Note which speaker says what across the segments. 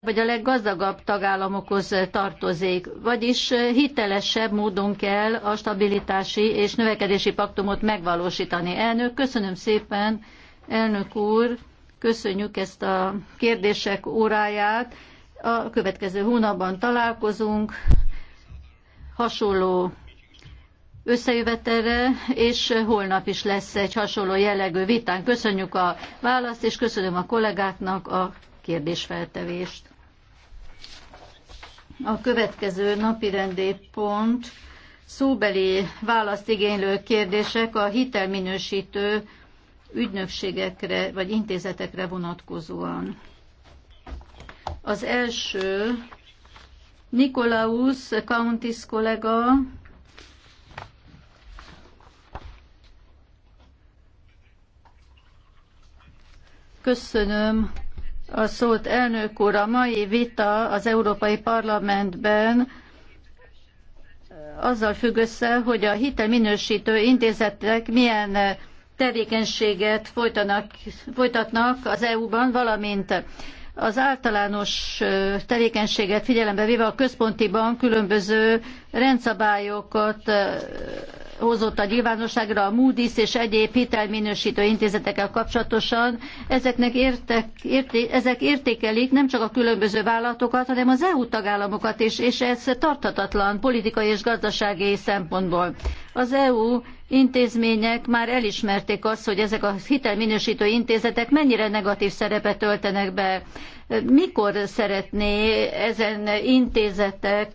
Speaker 1: vagy a leggazdagabb tagállamokhoz tartozik. Vagyis hitelesebb módon kell a stabilitási és növekedési paktumot megvalósítani. Elnök, köszönöm szépen, elnök úr, köszönjük ezt a kérdések óráját. A következő hónapban találkozunk hasonló összejövetelre, és holnap is lesz egy hasonló jellegű vitán. Köszönjük a választ, és köszönöm a kollégáknak a kérdésfeltevést a következő napirendi pont szóbeli választ igénylő kérdések a hitelminősítő ügynökségekre vagy intézetekre vonatkozóan. Az első Nikolaus Countis kollega Köszönöm a szót, elnök úr. A mai vita az Európai Parlamentben azzal függ össze, hogy a hitelminősítő intézetek milyen tevékenységet folytanak, folytatnak az EU-ban, valamint az általános tevékenységet figyelembe véve a központi bank különböző rendszabályokat hozott a nyilvánosságra a Moody's és egyéb hitelminősítő intézetekkel kapcsolatosan. Ezeknek értek, érté, ezek értékelik nem csak a különböző vállalatokat, hanem az EU tagállamokat is, és ez tarthatatlan politikai és gazdasági szempontból. Az EU intézmények már elismerték azt, hogy ezek a hitelminősítő intézetek mennyire negatív szerepet töltenek be. Mikor szeretné ezen intézetek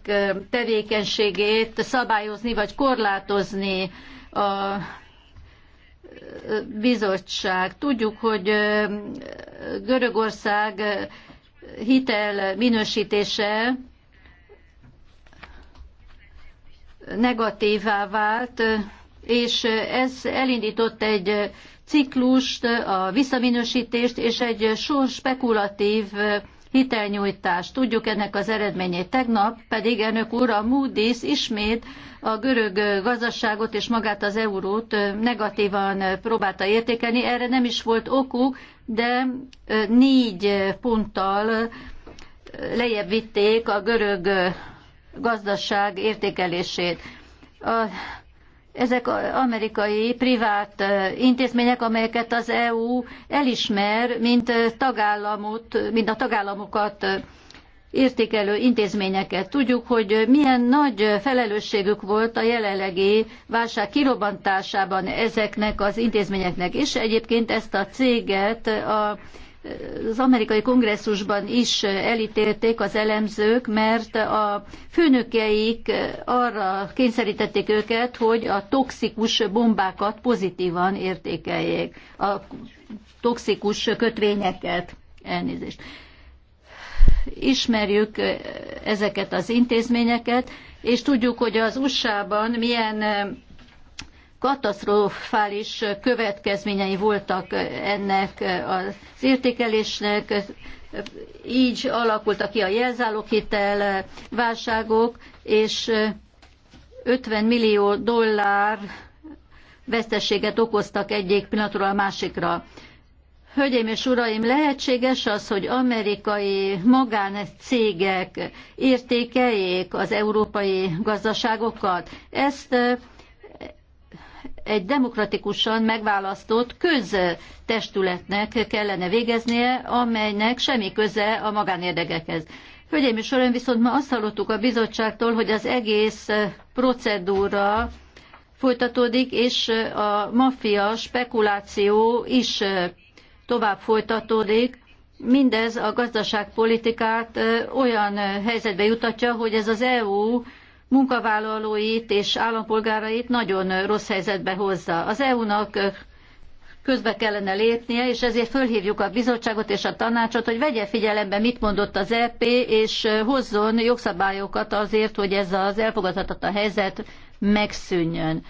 Speaker 1: tevékenységét szabályozni vagy korlátozni a bizottság? Tudjuk, hogy Görögország hitel minősítése negatívá vált, és ez elindított egy ciklust, a visszaminősítést és egy sor spekulatív hitelnyújtást. Tudjuk ennek az eredményét. Tegnap pedig elnök úr a Moody's ismét a görög gazdaságot és magát az eurót negatívan próbálta értékelni. Erre nem is volt okuk, de négy ponttal lejjebb vitték a görög gazdaság értékelését. A ezek amerikai privát intézmények, amelyeket az EU elismer, mint tagállamot, mint a tagállamokat értékelő intézményeket. Tudjuk, hogy milyen nagy felelősségük volt a jelenlegi válság kirobbantásában ezeknek az intézményeknek, és egyébként ezt a céget a az amerikai kongresszusban is elítélték az elemzők, mert a főnökeik arra kényszerítették őket, hogy a toxikus bombákat pozitívan értékeljék, a toxikus kötvényeket. Elnézést. Ismerjük ezeket az intézményeket, és tudjuk, hogy az USA-ban milyen katasztrofális következményei voltak ennek az értékelésnek, így alakultak ki a jelzáloghitel válságok, és 50 millió dollár veszteséget okoztak egyik pillanatról a másikra. Hölgyeim és uraim, lehetséges az, hogy amerikai magáncégek értékeljék az európai gazdaságokat? Ezt egy demokratikusan megválasztott köztestületnek kellene végeznie, amelynek semmi köze a magánérdekekhez. Hölgyeim és Uraim, viszont ma azt hallottuk a bizottságtól, hogy az egész procedúra folytatódik, és a maffia spekuláció is tovább folytatódik. Mindez a gazdaságpolitikát olyan helyzetbe jutatja, hogy ez az EU munkavállalóit és állampolgárait nagyon rossz helyzetbe hozza. Az EU-nak közbe kellene lépnie, és ezért fölhívjuk a bizottságot és a tanácsot, hogy vegye figyelembe, mit mondott az EP, és hozzon jogszabályokat azért, hogy ez az elfogadhatatlan helyzet megszűnjön.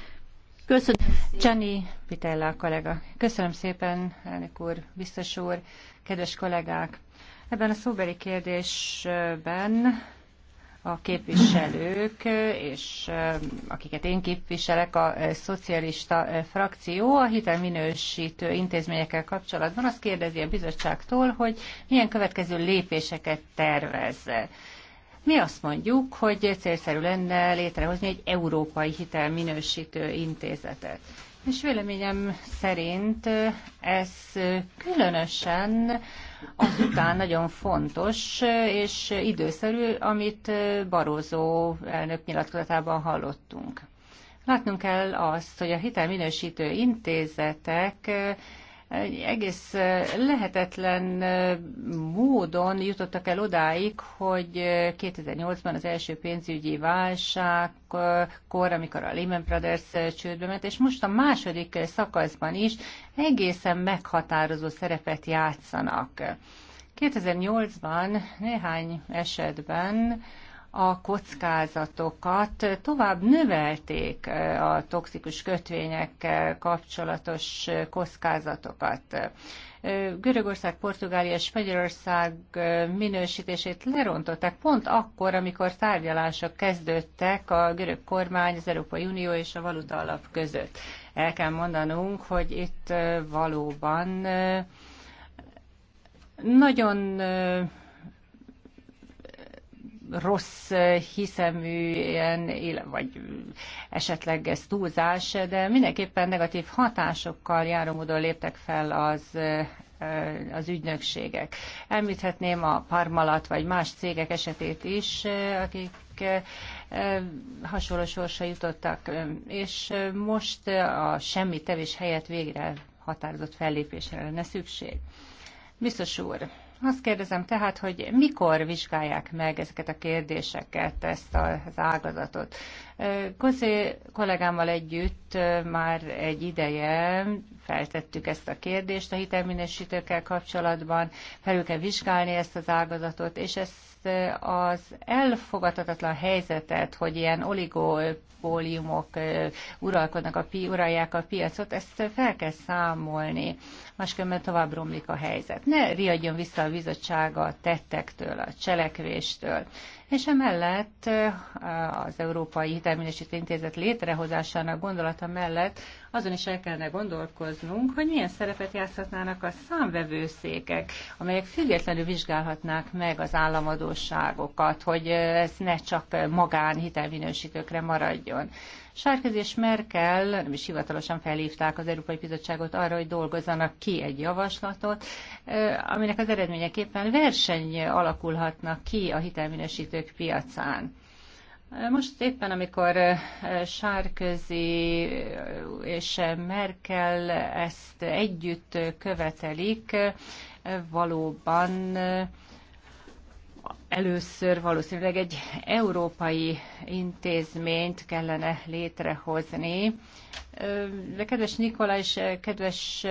Speaker 1: Köszönöm. Csani Pitella a kollega. Köszönöm szépen,
Speaker 2: elnök úr, biztos úr, kedves kollégák. Ebben a szóbeli kérdésben a képviselők, és akiket én képviselek, a szocialista frakció a hitelminősítő intézményekkel kapcsolatban azt kérdezi a bizottságtól, hogy milyen következő lépéseket tervez. Mi azt mondjuk, hogy célszerű lenne létrehozni egy európai hitelminősítő intézetet. És véleményem szerint ez különösen azután nagyon fontos és időszerű, amit Barózó elnök nyilatkozatában hallottunk. Látnunk kell azt, hogy a hitelminősítő intézetek egy egész lehetetlen módon jutottak el odáig, hogy 2008-ban az első pénzügyi válságkor, amikor a Lehman Brothers csődbe ment, és most a második szakaszban is egészen meghatározó szerepet játszanak. 2008-ban néhány esetben a kockázatokat tovább növelték a toxikus kötvényekkel kapcsolatos kockázatokat. Görögország, Portugália és Magyarország minősítését lerontották pont akkor, amikor tárgyalások kezdődtek a görög kormány, az Európai Unió és a Valuta Alap között. El kell mondanunk, hogy itt valóban nagyon rossz ilyen, vagy esetleg ez túlzás, de mindenképpen negatív hatásokkal járó módon léptek fel az az ügynökségek. Említhetném a Parmalat vagy más cégek esetét is, akik hasonló sorsa jutottak, és most a semmi tevés helyett végre határozott fellépésre lenne szükség. Biztos úr, azt kérdezem tehát, hogy mikor vizsgálják meg ezeket a kérdéseket, ezt az ágazatot. Kozé kollégámmal együtt már egy ideje feltettük ezt a kérdést a hitelminősítőkkel kapcsolatban, felül kell vizsgálni ezt az ágazatot, és ezt ezt eh, az elfogadhatatlan helyzetet, hogy ilyen oligopóliumok eh, uralkodnak, a pi, uralják a piacot, ezt fel kell számolni. Máskülönben tovább romlik a helyzet. Ne riadjon vissza a bizottsága a tettektől, a cselekvéstől és emellett az Európai Hitelminősítő Intézet létrehozásának gondolata mellett azon is el kellene gondolkoznunk, hogy milyen szerepet játszhatnának a számvevőszékek, amelyek függetlenül vizsgálhatnák meg az államadóságokat, hogy ez ne csak magán hitelminősítőkre maradjon. Sárközi és Merkel nem is hivatalosan felhívták az Európai Bizottságot arra, hogy dolgozzanak ki egy javaslatot, aminek az eredményeképpen verseny alakulhatnak ki a hitelminősítők piacán. Most éppen, amikor Sárközi és Merkel ezt együtt követelik, valóban először valószínűleg egy európai intézményt kellene létrehozni. De kedves Nikola és kedves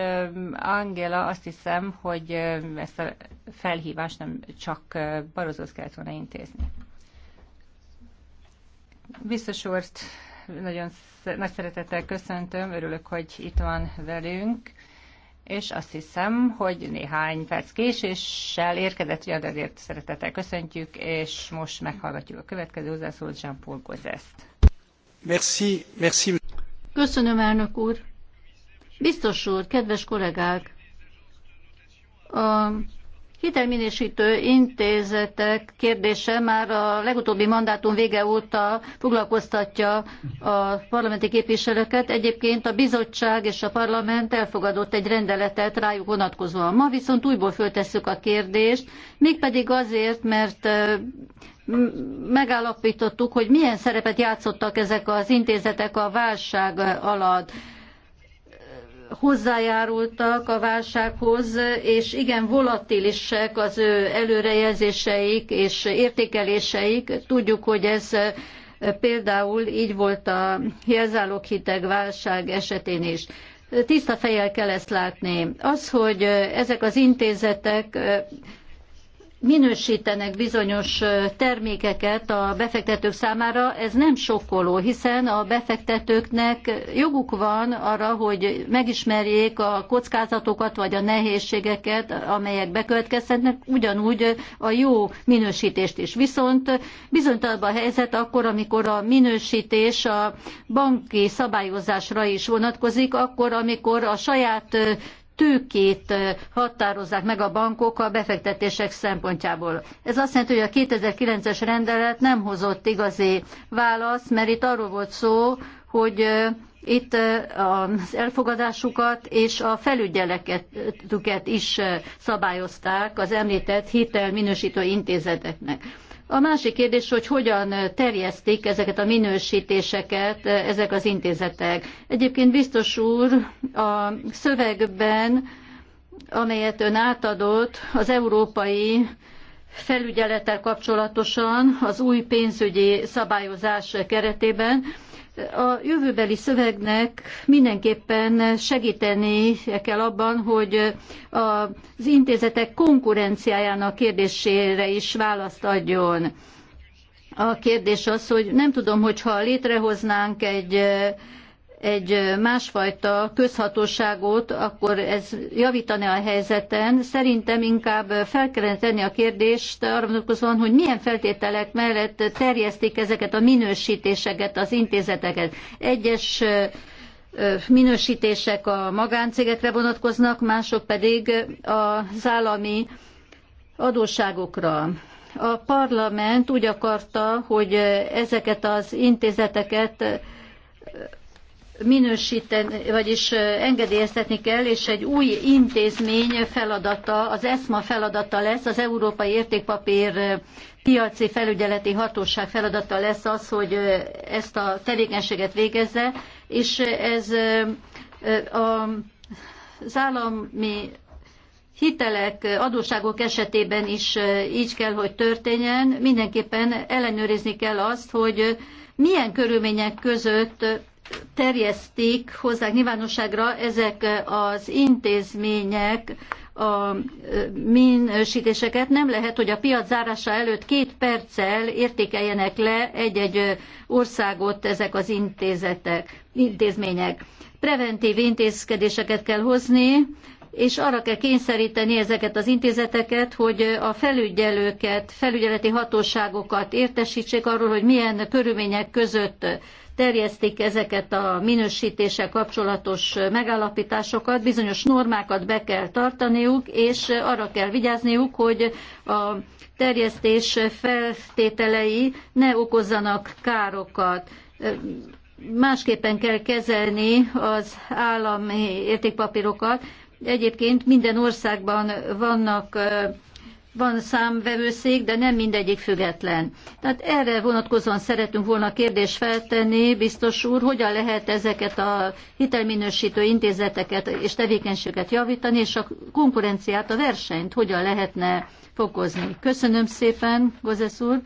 Speaker 2: Angela, azt hiszem, hogy ezt a felhívást nem csak Barozóz kellett volna intézni. Biztos úr, nagyon nagy szeretettel köszöntöm, örülök, hogy itt van velünk és azt hiszem, hogy néhány perc késéssel érkezett, ugye ezért szeretettel köszöntjük, és most meghallgatjuk a következő hozzászólót, Jean-Paul Gozest.
Speaker 1: Merci, merci. Köszönöm, elnök úr. Biztos úr, kedves kollégák, a hitelminősítő intézetek kérdése már a legutóbbi mandátum vége óta foglalkoztatja a parlamenti képviselőket. Egyébként a bizottság és a parlament elfogadott egy rendeletet rájuk vonatkozóan. Ma viszont újból föltesszük a kérdést, mégpedig azért, mert megállapítottuk, hogy milyen szerepet játszottak ezek az intézetek a válság alatt hozzájárultak a válsághoz, és igen volatilisek az ő előrejelzéseik és értékeléseik. Tudjuk, hogy ez például így volt a jelzálók hiteg válság esetén is. Tiszta fejjel kell ezt látni. Az, hogy ezek az intézetek minősítenek bizonyos termékeket a befektetők számára, ez nem sokkoló, hiszen a befektetőknek joguk van arra, hogy megismerjék a kockázatokat vagy a nehézségeket, amelyek bekövetkezhetnek, ugyanúgy a jó minősítést is. Viszont bizonytalabb a helyzet akkor, amikor a minősítés a banki szabályozásra is vonatkozik, akkor, amikor a saját tőkét határozzák meg a bankok a befektetések szempontjából. Ez azt jelenti, hogy a 2009-es rendelet nem hozott igazi választ, mert itt arról volt szó, hogy itt az elfogadásukat és a felügyeletüket is szabályozták az említett hitelminősítő intézeteknek. A másik kérdés, hogy hogyan terjesztik ezeket a minősítéseket eh, ezek az intézetek. Egyébként biztos úr, a szövegben, amelyet ön átadott az európai felügyelettel kapcsolatosan az új pénzügyi szabályozás keretében, a jövőbeli szövegnek mindenképpen segíteni kell abban, hogy az intézetek konkurenciájának kérdésére is választ adjon. A kérdés az, hogy nem tudom, hogyha létrehoznánk egy egy másfajta közhatóságot, akkor ez javítaná a helyzeten. Szerintem inkább fel kellene tenni a kérdést arra vonatkozóan, hogy milyen feltételek mellett terjesztik ezeket a minősítéseket, az intézeteket. Egyes minősítések a magáncégekre vonatkoznak, mások pedig az állami adósságokra. A parlament úgy akarta, hogy ezeket az intézeteket minősíteni, vagyis engedélyeztetni kell, és egy új intézmény feladata, az ESMA feladata lesz, az Európai Értékpapír Piaci Felügyeleti Hatóság feladata lesz az, hogy ezt a tevékenységet végezze, és ez az állami hitelek, adósságok esetében is így kell, hogy történjen. Mindenképpen ellenőrizni kell azt, hogy milyen körülmények között terjeszték, hozzák nyilvánosságra ezek az intézmények a minősítéseket. Nem lehet, hogy a piac zárása előtt két perccel értékeljenek le egy-egy országot ezek az intézetek, intézmények. Preventív intézkedéseket kell hozni, és arra kell kényszeríteni ezeket az intézeteket, hogy a felügyelőket, felügyeleti hatóságokat értesítsék arról, hogy milyen körülmények között terjesztik ezeket a minősítéssel kapcsolatos megállapításokat, bizonyos normákat be kell tartaniuk, és arra kell vigyázniuk, hogy a terjesztés feltételei ne okozzanak károkat másképpen kell kezelni az állami értékpapírokat. Egyébként minden országban vannak van számvevőszék, de nem mindegyik független. Tehát erre vonatkozóan szeretünk volna kérdést feltenni, biztos úr, hogyan lehet ezeket a hitelminősítő intézeteket és tevékenységet javítani, és a konkurenciát, a versenyt hogyan lehetne fokozni. Köszönöm szépen, Gozesz úr.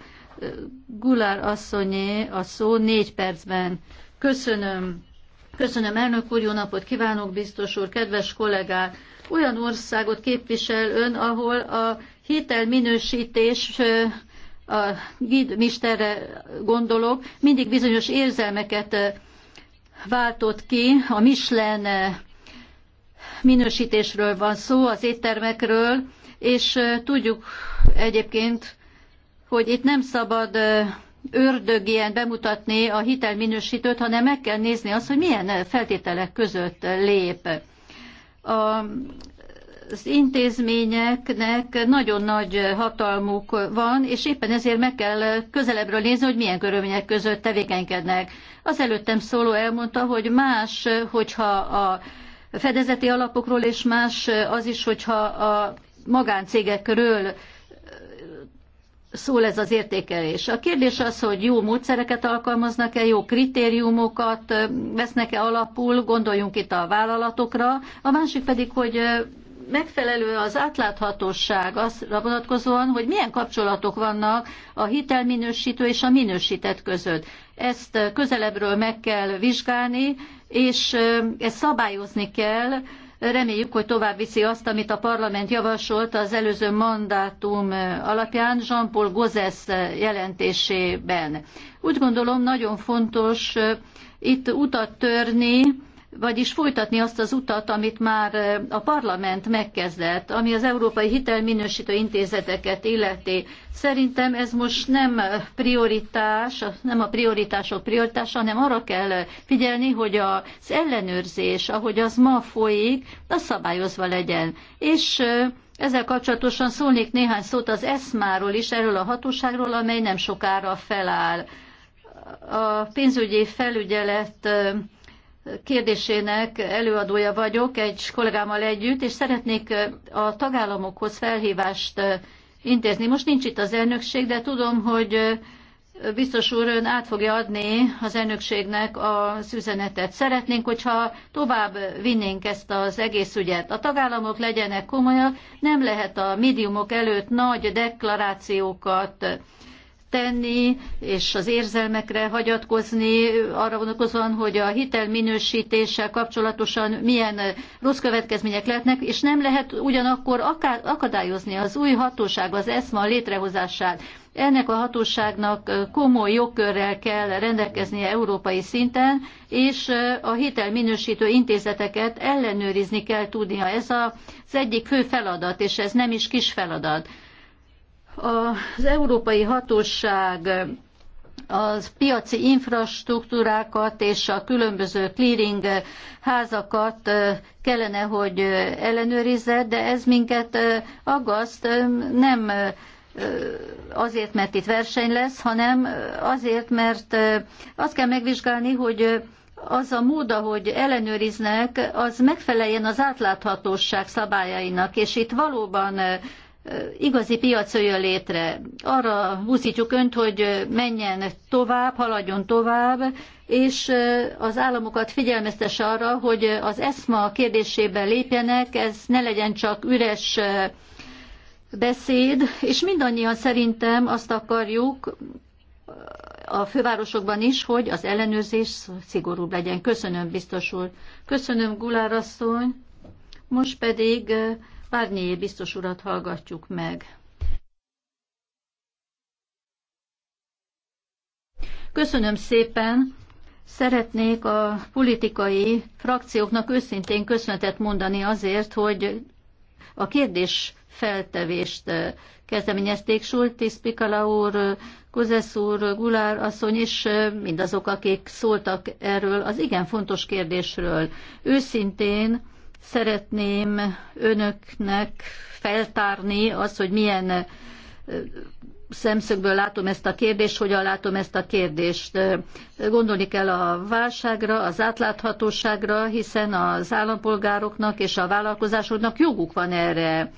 Speaker 1: Gulár asszonyé a szó négy percben. Köszönöm. Köszönöm, elnök úr, jó napot kívánok, biztos úr, kedves kollégák! Olyan országot képvisel ön, ahol a hitelminősítés a gidmisterre gondolok, mindig bizonyos érzelmeket váltott ki. A Michelin minősítésről van szó, az éttermekről, és tudjuk egyébként, hogy itt nem szabad ördög ilyen bemutatni a hitelminősítőt, hanem meg kell nézni azt, hogy milyen feltételek között lép. A az intézményeknek nagyon nagy hatalmuk van, és éppen ezért meg kell közelebbről nézni, hogy milyen körülmények között tevékenykednek. Az előttem szóló elmondta, hogy más, hogyha a fedezeti alapokról, és más az is, hogyha a magáncégekről szól ez az értékelés. A kérdés az, hogy jó módszereket alkalmaznak-e, jó kritériumokat vesznek-e alapul, gondoljunk itt a vállalatokra, a másik pedig, hogy megfelelő az átláthatóság azra vonatkozóan, hogy milyen kapcsolatok vannak a hitelminősítő és a minősített között. Ezt közelebbről meg kell vizsgálni, és ezt szabályozni kell, Reméljük, hogy tovább viszi azt, amit a parlament javasolt az előző mandátum alapján Jean-Paul Gozes jelentésében. Úgy gondolom nagyon fontos itt utat törni vagyis folytatni azt az utat, amit már a parlament megkezdett, ami az Európai Hitelminősítő Intézeteket illeti. Szerintem ez most nem prioritás, nem a prioritások prioritása, hanem arra kell figyelni, hogy az ellenőrzés, ahogy az ma folyik, az szabályozva legyen. És ezzel kapcsolatosan szólnék néhány szót az ESMA-ról is, erről a hatóságról, amely nem sokára feláll. A pénzügyi felügyelet kérdésének előadója vagyok egy kollégámmal együtt, és szeretnék a tagállamokhoz felhívást intézni. Most nincs itt az elnökség, de tudom, hogy biztos úr ön át fogja adni az elnökségnek az üzenetet. Szeretnénk, hogyha tovább vinnénk ezt az egész ügyet. A tagállamok legyenek komolyak, nem lehet a médiumok előtt nagy deklarációkat tenni, és az érzelmekre hagyatkozni, arra vonatkozóan, hogy a hitel minősítéssel kapcsolatosan milyen rossz következmények lehetnek, és nem lehet ugyanakkor akadályozni az új hatóság, az ESMA létrehozását. Ennek a hatóságnak komoly jogkörrel kell rendelkeznie európai szinten, és a hitelminősítő intézeteket ellenőrizni kell tudnia. Ez az egyik fő feladat, és ez nem is kis feladat. Az Európai Hatóság az piaci infrastruktúrákat és a különböző clearing házakat kellene, hogy ellenőrizze, de ez minket aggaszt, nem azért, mert itt verseny lesz, hanem azért, mert azt kell megvizsgálni, hogy az a mód, ahogy ellenőriznek, az megfeleljen az átláthatóság szabályainak, és itt valóban igazi piac jöjjön létre. Arra buszítjuk önt, hogy menjen tovább, haladjon tovább, és az államokat figyelmeztesse arra, hogy az ESMA kérdésébe lépjenek, ez ne legyen csak üres beszéd, és mindannyian szerintem azt akarjuk a fővárosokban is, hogy az ellenőrzés szigorúbb legyen. Köszönöm, biztos úr. Köszönöm, Gulár asszony. Most pedig Várnyi biztos urat hallgatjuk meg. Köszönöm szépen! Szeretnék a politikai frakcióknak őszintén köszönetet mondani azért, hogy a kérdés feltevést eh, kezdeményezték Schultis, Pikala úr, Kozesz úr, Gulár asszony és eh, mindazok, akik szóltak erről az igen fontos kérdésről. Őszintén Szeretném önöknek feltárni az, hogy milyen szemszögből látom ezt a kérdést, hogyan látom ezt a kérdést. Gondolni kell a válságra, az átláthatóságra, hiszen az állampolgároknak és a vállalkozásoknak joguk van erre.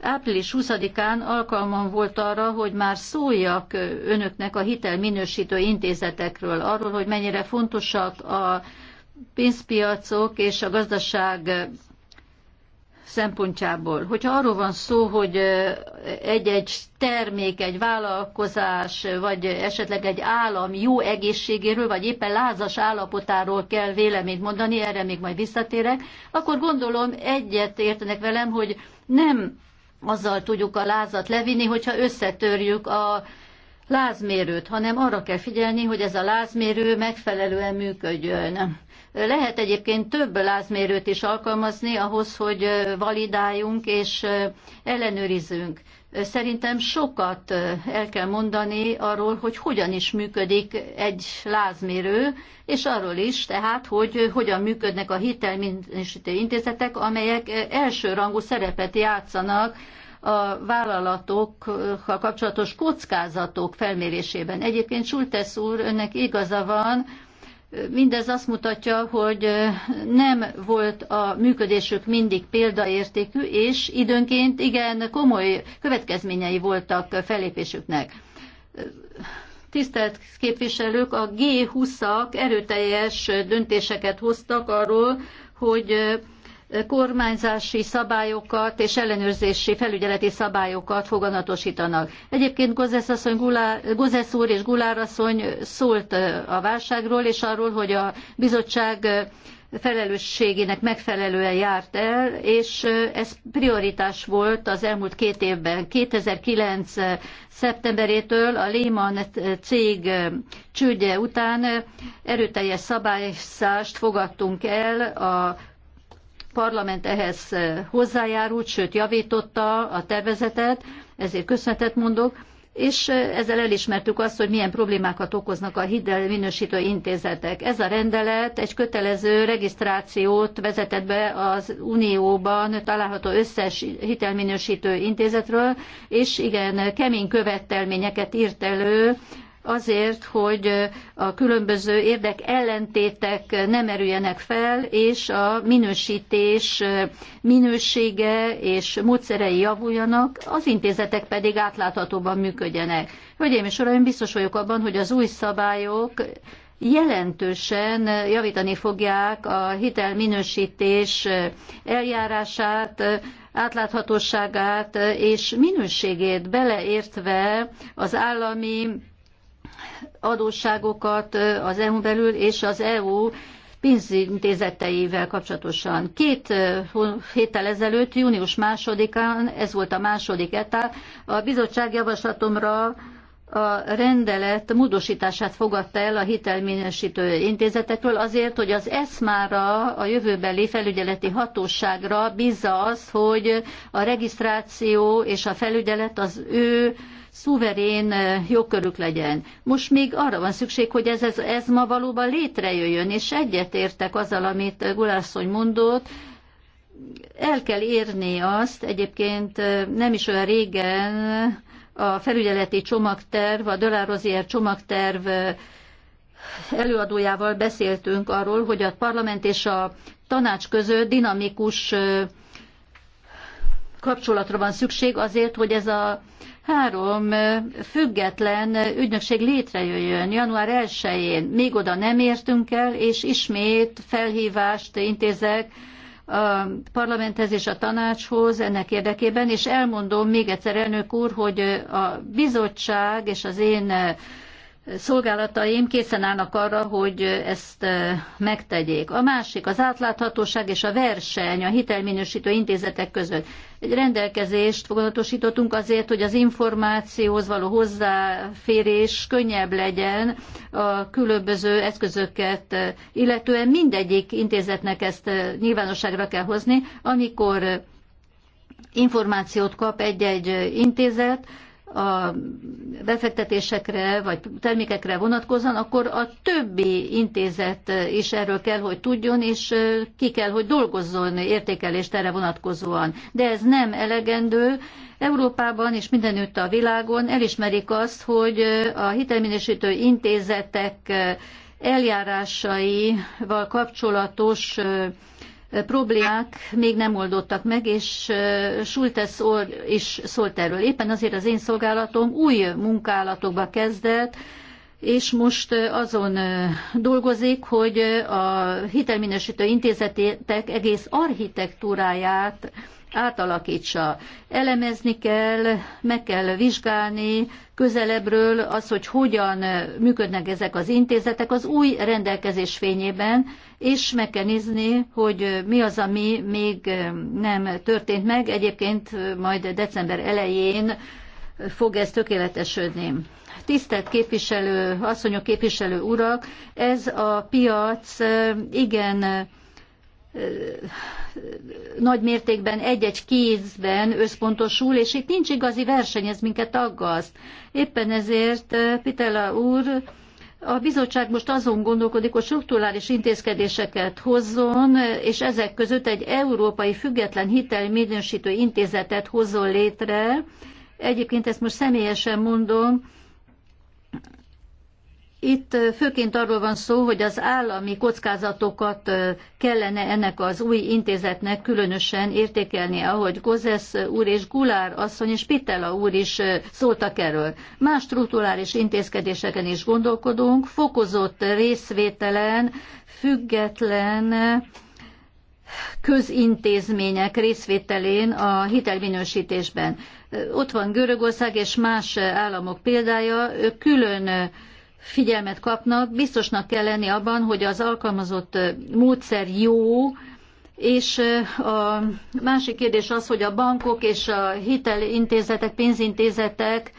Speaker 1: Április 20-án alkalmam volt arra, hogy már szóljak önöknek a hitelminősítő intézetekről, arról, hogy mennyire fontosak a pénzpiacok és a gazdaság szempontjából. Hogyha arról van szó, hogy egy-egy termék, egy vállalkozás, vagy esetleg egy állam jó egészségéről, vagy éppen lázas állapotáról kell véleményt mondani, erre még majd visszatérek, akkor gondolom egyet értenek velem, hogy nem azzal tudjuk a lázat levinni, hogyha összetörjük a lázmérőt, hanem arra kell figyelni, hogy ez a lázmérő megfelelően működjön lehet egyébként több lázmérőt is alkalmazni ahhoz, hogy validáljunk és ellenőrizzünk. Szerintem sokat el kell mondani arról, hogy hogyan is működik egy lázmérő, és arról is tehát, hogy hogyan működnek a hitelminősítő intézetek, amelyek elsőrangú szerepet játszanak a vállalatokkal kapcsolatos kockázatok felmérésében. Egyébként Schultes úr, önnek igaza van, Mindez azt mutatja, hogy nem volt a működésük mindig példaértékű, és időnként igen komoly következményei voltak felépésüknek. Tisztelt képviselők, a G20-ak erőteljes döntéseket hoztak arról, hogy kormányzási szabályokat és ellenőrzési felügyeleti szabályokat foganatosítanak. Egyébként Gozesz, asszony, Gozesz úr és Gulár asszony szólt a válságról, és arról, hogy a bizottság felelősségének megfelelően járt el, és ez prioritás volt az elmúlt két évben. 2009. szeptemberétől a Lehman cég csődje után erőteljes szabályzást fogadtunk el a parlament ehhez eh, hozzájárult, sőt javította a tervezetet, ezért köszönetet mondok, és eh, ezzel elismertük azt, hogy milyen problémákat okoznak a hiddel minősítő intézetek. Ez a rendelet egy kötelező regisztrációt vezetett be az Unióban található összes hitelminősítő intézetről, és igen, kemény követelményeket írt elő azért, hogy a különböző érdek ellentétek nem erüljenek fel, és a minősítés minősége és módszerei javuljanak, az intézetek pedig átláthatóban működjenek. Hölgyeim és uraim, biztos vagyok abban, hogy az új szabályok jelentősen javítani fogják a hitelminősítés eljárását, átláthatóságát és minőségét beleértve az állami adósságokat az eu belül és az EU pénzintézeteivel kapcsolatosan. Két héttel ezelőtt, június másodikán, ez volt a második etap, a bizottság javaslatomra a rendelet módosítását fogadta el a hitelminősítő intézetekről azért, hogy az ESMA-ra, a jövőbeli felügyeleti hatóságra bízza az, hogy a regisztráció és a felügyelet az ő szuverén jogkörük legyen. Most még arra van szükség, hogy ez, ez, ez ma valóban létrejöjjön, és egyetértek azzal, amit Gulászony mondott, el kell érni azt, egyébként nem is olyan régen a felügyeleti csomagterv, a Dölározier csomagterv előadójával beszéltünk arról, hogy a parlament és a tanács között dinamikus kapcsolatra van szükség azért, hogy ez a három független ügynökség létrejöjjön január 1-én. Még oda nem értünk el, és ismét felhívást intézek a parlamenthez és a tanácshoz ennek érdekében, és elmondom még egyszer, elnök úr, hogy a bizottság és az én szolgálataim készen állnak arra, hogy ezt megtegyék. A másik az átláthatóság és a verseny a hitelminősítő intézetek között. Egy rendelkezést fogadatosítottunk azért, hogy az információhoz való hozzáférés könnyebb legyen a különböző eszközöket, illetően mindegyik intézetnek ezt nyilvánosságra kell hozni, amikor információt kap egy-egy intézet, a befektetésekre vagy termékekre vonatkozóan, akkor a többi intézet is erről kell, hogy tudjon, és ki kell, hogy dolgozzon értékelést erre vonatkozóan. De ez nem elegendő. Európában és mindenütt a világon elismerik azt, hogy a hitelminősítő intézetek eljárásaival kapcsolatos problémák még nem oldottak meg, és szól, is szólt erről. Éppen azért az én szolgálatom új munkálatokba kezdett, és most azon dolgozik, hogy a hitelminősítő intézetek egész architektúráját átalakítsa. Elemezni kell, meg kell vizsgálni közelebbről az, hogy hogyan működnek ezek az intézetek az új rendelkezés fényében, és meg kell nézni, hogy mi az, ami még nem történt meg. Egyébként majd december elején fog ez tökéletesödni. Tisztelt képviselő, asszonyok képviselő urak, ez a piac igen nagy mértékben egy-egy kézben összpontosul, és itt nincs igazi verseny, ez minket aggaszt. Éppen ezért Pitela úr a bizottság most azon gondolkodik, hogy struktúrális intézkedéseket hozzon, és ezek között egy európai független hitelminősítő intézetet hozzon létre, Egyébként ezt most személyesen mondom, itt főként arról van szó, hogy az állami kockázatokat kellene ennek az új intézetnek különösen értékelnie, ahogy Gozesz úr és Gulár asszony és Pitela úr is szóltak erről. Más strukturális intézkedéseken is gondolkodunk, fokozott részvételen, független közintézmények részvételén a hitelminősítésben. Ott van Görögország és más államok példája, ők külön figyelmet kapnak, biztosnak kell lenni abban, hogy az alkalmazott módszer jó, és a másik kérdés az, hogy a bankok és a hitelintézetek, pénzintézetek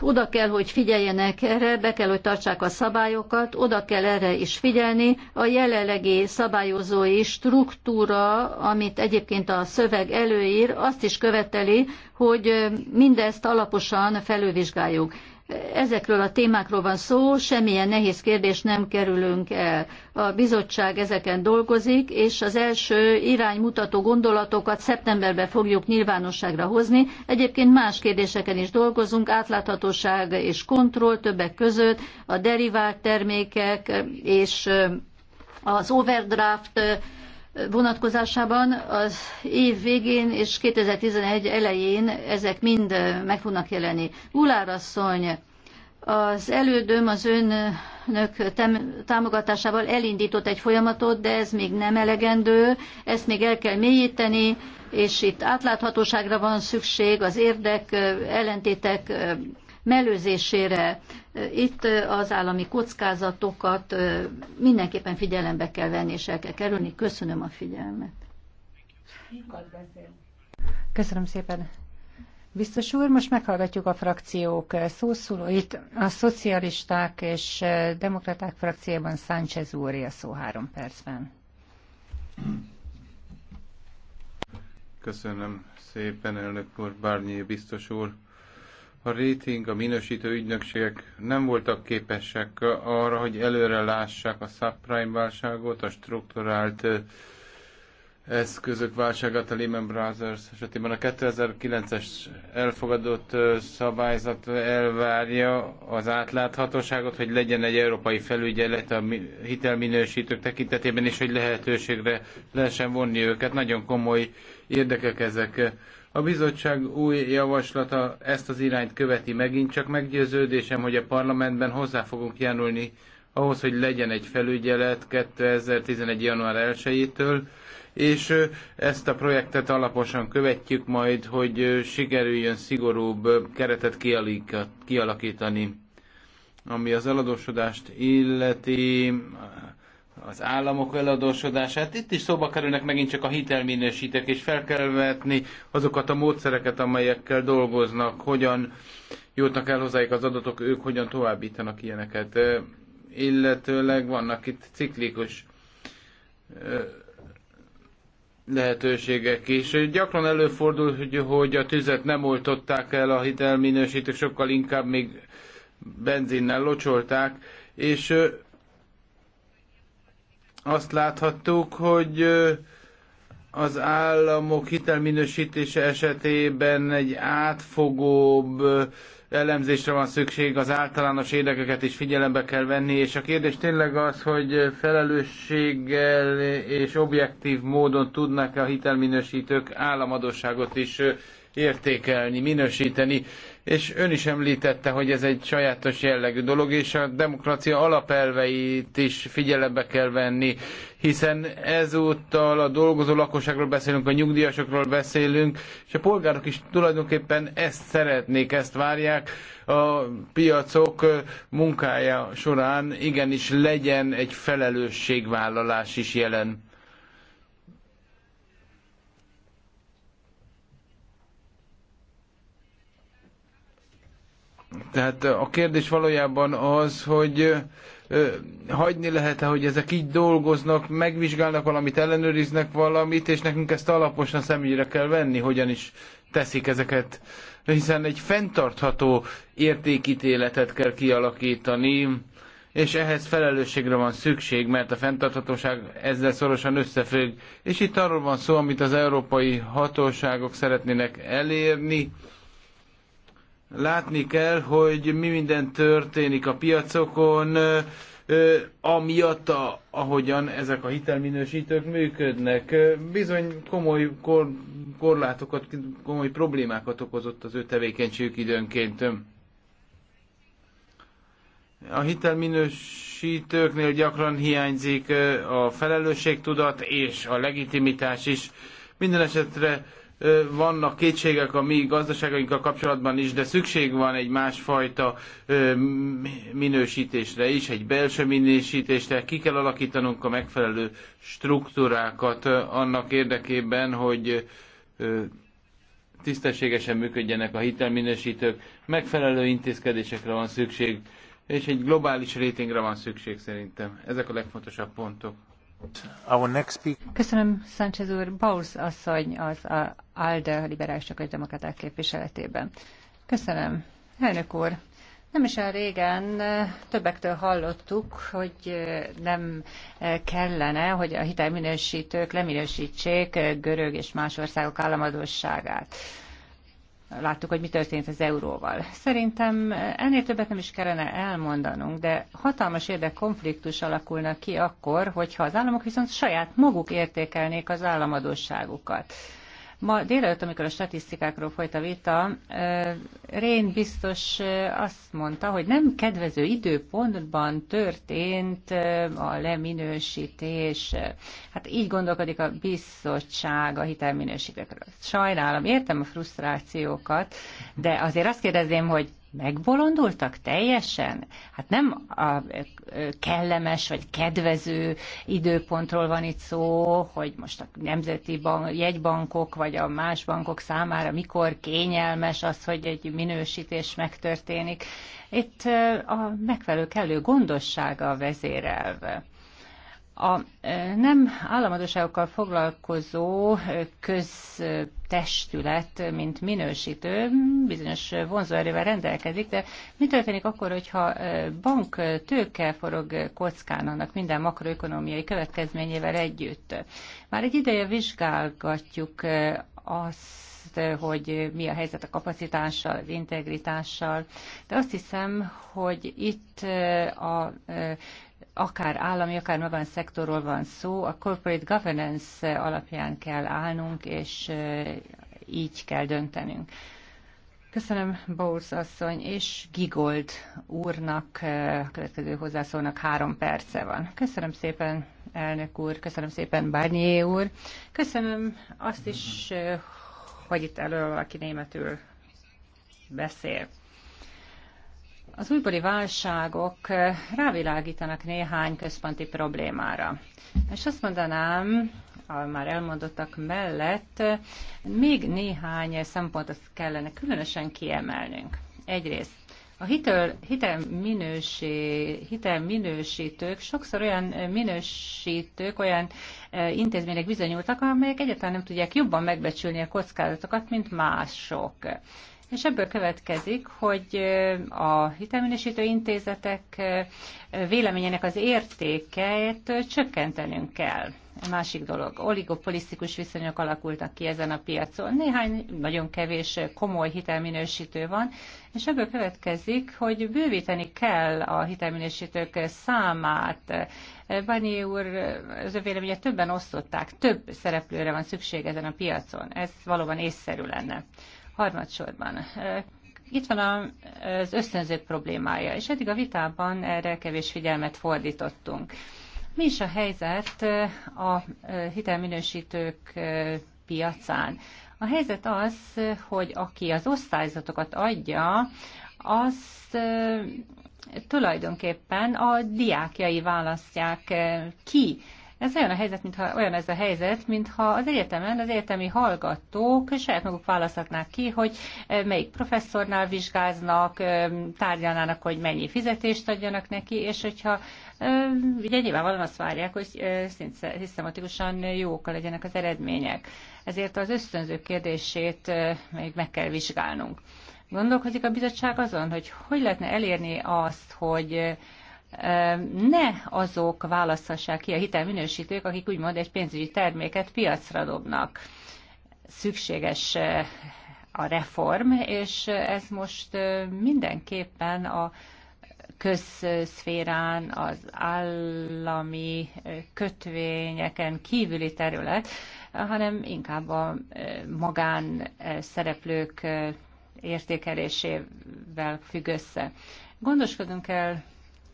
Speaker 1: oda kell, hogy figyeljenek erre, be kell, hogy tartsák a szabályokat, oda kell erre is figyelni. A jelenlegi szabályozói struktúra, amit egyébként a szöveg előír, azt is követeli, hogy mindezt alaposan felülvizsgáljuk. Ezekről a témákról van szó, semmilyen nehéz kérdés nem kerülünk el. A bizottság ezeken dolgozik, és az első iránymutató gondolatokat szeptemberben fogjuk nyilvánosságra hozni. Egyébként más kérdéseken is dolgozunk, átláthatóság és kontroll többek között, a derivált termékek és az overdraft vonatkozásában az év végén és 2011 elején ezek mind meg fognak jelenni. Gulárasszony, az elődöm az önök támogatásával elindított egy folyamatot, de ez még nem elegendő, ezt még el kell mélyíteni, és itt átláthatóságra van szükség, az érdek ellentétek mellőzésére. Itt az állami kockázatokat mindenképpen figyelembe kell venni, és el kell kerülni. Köszönöm a figyelmet.
Speaker 2: Köszönöm szépen. Biztos úr, most meghallgatjuk a frakciók szószólóit. A szocialisták és demokraták frakcióban Sánchez úr a szó három percben.
Speaker 3: Köszönöm szépen, elnök úr, Bárnyi biztos úr a rating, a minősítő ügynökségek nem voltak képesek arra, hogy előre lássák a subprime válságot, a strukturált eszközök válságát a Lehman Brothers esetében. A 2009-es elfogadott szabályzat elvárja az átláthatóságot, hogy legyen egy európai felügyelet a hitelminősítők tekintetében, és hogy lehetőségre lehessen vonni őket. Nagyon komoly érdekek ezek a bizottság új javaslata ezt az irányt követi megint, csak meggyőződésem, hogy a parlamentben hozzá fogunk járulni ahhoz, hogy legyen egy felügyelet 2011. január 1-től, és ezt a projektet alaposan követjük majd, hogy sikerüljön szigorúbb keretet kialakítani, ami az eladósodást illeti az államok eladósodását. Itt is szóba kerülnek megint csak a hitelminősítők, és fel kell vetni azokat a módszereket, amelyekkel dolgoznak, hogyan jutnak el hozzájuk az adatok, ők hogyan továbbítanak ilyeneket. Illetőleg vannak itt ciklikus lehetőségek is. Gyakran előfordul, hogy, hogy a tüzet nem oltották el a hitelminősítők, sokkal inkább még benzinnel locsolták, és azt láthattuk, hogy az államok hitelminősítése esetében egy átfogóbb elemzésre van szükség, az általános érdekeket is figyelembe kell venni, és a kérdés tényleg az, hogy felelősséggel és objektív módon tudnak-e a hitelminősítők államadóságot is értékelni, minősíteni és ön is említette, hogy ez egy sajátos jellegű dolog, és a demokrácia alapelveit is figyelembe kell venni, hiszen ezúttal a dolgozó lakosságról beszélünk, a nyugdíjasokról beszélünk, és a polgárok is tulajdonképpen ezt szeretnék, ezt várják a piacok munkája során, igenis legyen egy felelősségvállalás is jelen. Tehát a kérdés valójában az, hogy hagyni lehet-e, hogy ezek így dolgoznak, megvizsgálnak valamit, ellenőriznek valamit, és nekünk ezt alaposan személyre kell venni, hogyan is teszik ezeket, hiszen egy fenntartható értékítéletet kell kialakítani, és ehhez felelősségre van szükség, mert a fenntarthatóság ezzel szorosan összefügg. És itt arról van szó, amit az európai hatóságok szeretnének elérni, Látni kell, hogy mi minden történik a piacokon, amiatt, a, ahogyan ezek a hitelminősítők működnek. Bizony komoly kor, korlátokat, komoly problémákat okozott az ő tevékenységük időnként. A hitelminősítőknél gyakran hiányzik a felelősségtudat és a legitimitás is. Minden esetre vannak kétségek a mi gazdaságainkkal kapcsolatban is, de szükség van egy másfajta minősítésre is, egy belső minősítésre. Ki kell alakítanunk a megfelelő struktúrákat annak érdekében, hogy tisztességesen működjenek a hitelminősítők. Megfelelő intézkedésekre van szükség, és egy globális rétingre van szükség szerintem. Ezek a legfontosabb pontok.
Speaker 2: Köszönöm, Sánchez úr. Bowles asszony az a ALDE liberálisok és demokraták képviseletében. Köszönöm. Elnök úr, nem is olyan régen eh, többektől hallottuk, hogy eh, nem eh, kellene, hogy a hitelminősítők leminősítsék görög és más országok államadóságát láttuk, hogy mi történt az euróval. Szerintem ennél többet nem is kellene elmondanunk, de hatalmas érdekkonfliktus alakulna ki akkor, hogyha az államok viszont saját maguk értékelnék az államadóságukat. Ma délelőtt, amikor a statisztikákról folyt a vita, Rén biztos azt mondta, hogy nem kedvező időpontban történt a leminősítés. Hát így gondolkodik a bizottság a hitelminőségekről. Sajnálom, értem a frusztrációkat, de azért azt kérdezném, hogy megbolondultak teljesen? Hát nem a kellemes vagy kedvező időpontról van itt szó, hogy most a nemzeti bank, jegybankok vagy a más bankok számára mikor kényelmes az, hogy egy minősítés megtörténik. Itt a megfelelő kellő gondossága a vezérelve. A e, nem államadóságokkal foglalkozó e, köztestület, mint minősítő, bizonyos vonzóerővel rendelkezik, de mi történik akkor, hogyha e, bank tőke forog kockán annak minden makroökonomiai következményével együtt? Már egy ideje vizsgálgatjuk azt, hogy mi a helyzet a kapacitással, az integritással, de azt hiszem, hogy itt a akár állami, akár szektorról van szó, a corporate governance alapján kell állnunk, és eh, így kell döntenünk. Köszönöm Bowles asszony és Gigold úrnak, eh, a következő hozzászólnak három perce van. Köszönöm szépen, elnök úr, köszönöm szépen, Barnier úr. Köszönöm azt is, eh, hogy itt elő valaki németül beszél. Az újbóli válságok eh, rávilágítanak néhány központi problémára. És azt mondanám, a már elmondottak mellett még néhány szempontot kellene különösen kiemelnünk. Egyrészt a hitel, hitel, minősi, hitel minősítők sokszor olyan minősítők, olyan eh, intézmények bizonyultak, amelyek egyáltalán nem tudják jobban megbecsülni a kockázatokat, mint mások. És ebből következik, hogy a hitelminősítő intézetek véleményének az értékeit csökkentenünk kell. A másik dolog, oligopolisztikus viszonyok alakultak ki ezen a piacon. Néhány nagyon kevés komoly hitelminősítő van, és ebből következik, hogy bővíteni kell a hitelminősítők számát. Bani úr, az ő véleménye többen osztották, több szereplőre van szükség ezen a piacon. Ez valóban észszerű lenne. Harmadsorban, itt van az ösztönzők problémája, és eddig a vitában erre kevés figyelmet fordítottunk. Mi is a helyzet a hitelminősítők piacán? A helyzet az, hogy aki az osztályzatokat adja, az tulajdonképpen a diákjai választják ki ez olyan a helyzet, mintha, olyan ez a helyzet, mintha az egyetemen az egyetemi hallgatók saját maguk választhatnák ki, hogy e, melyik professzornál vizsgáznak, e, tárgyalnának, hogy mennyi fizetést adjanak neki, és hogyha e, ugye nyilvánvalóan azt várják, hogy szisztematikusan jók legyenek az eredmények. Ezért az ösztönző kérdését még meg kell vizsgálnunk. Gondolkozik a bizottság azon, hogy hogy lehetne elérni azt, hogy ne azok választhassák ki a hitelminősítők, akik úgymond egy pénzügyi terméket piacra dobnak. Szükséges a reform, és ez most mindenképpen a közszférán, az állami kötvényeken kívüli terület, hanem inkább a magán szereplők értékelésével függ össze. Gondoskodunk kell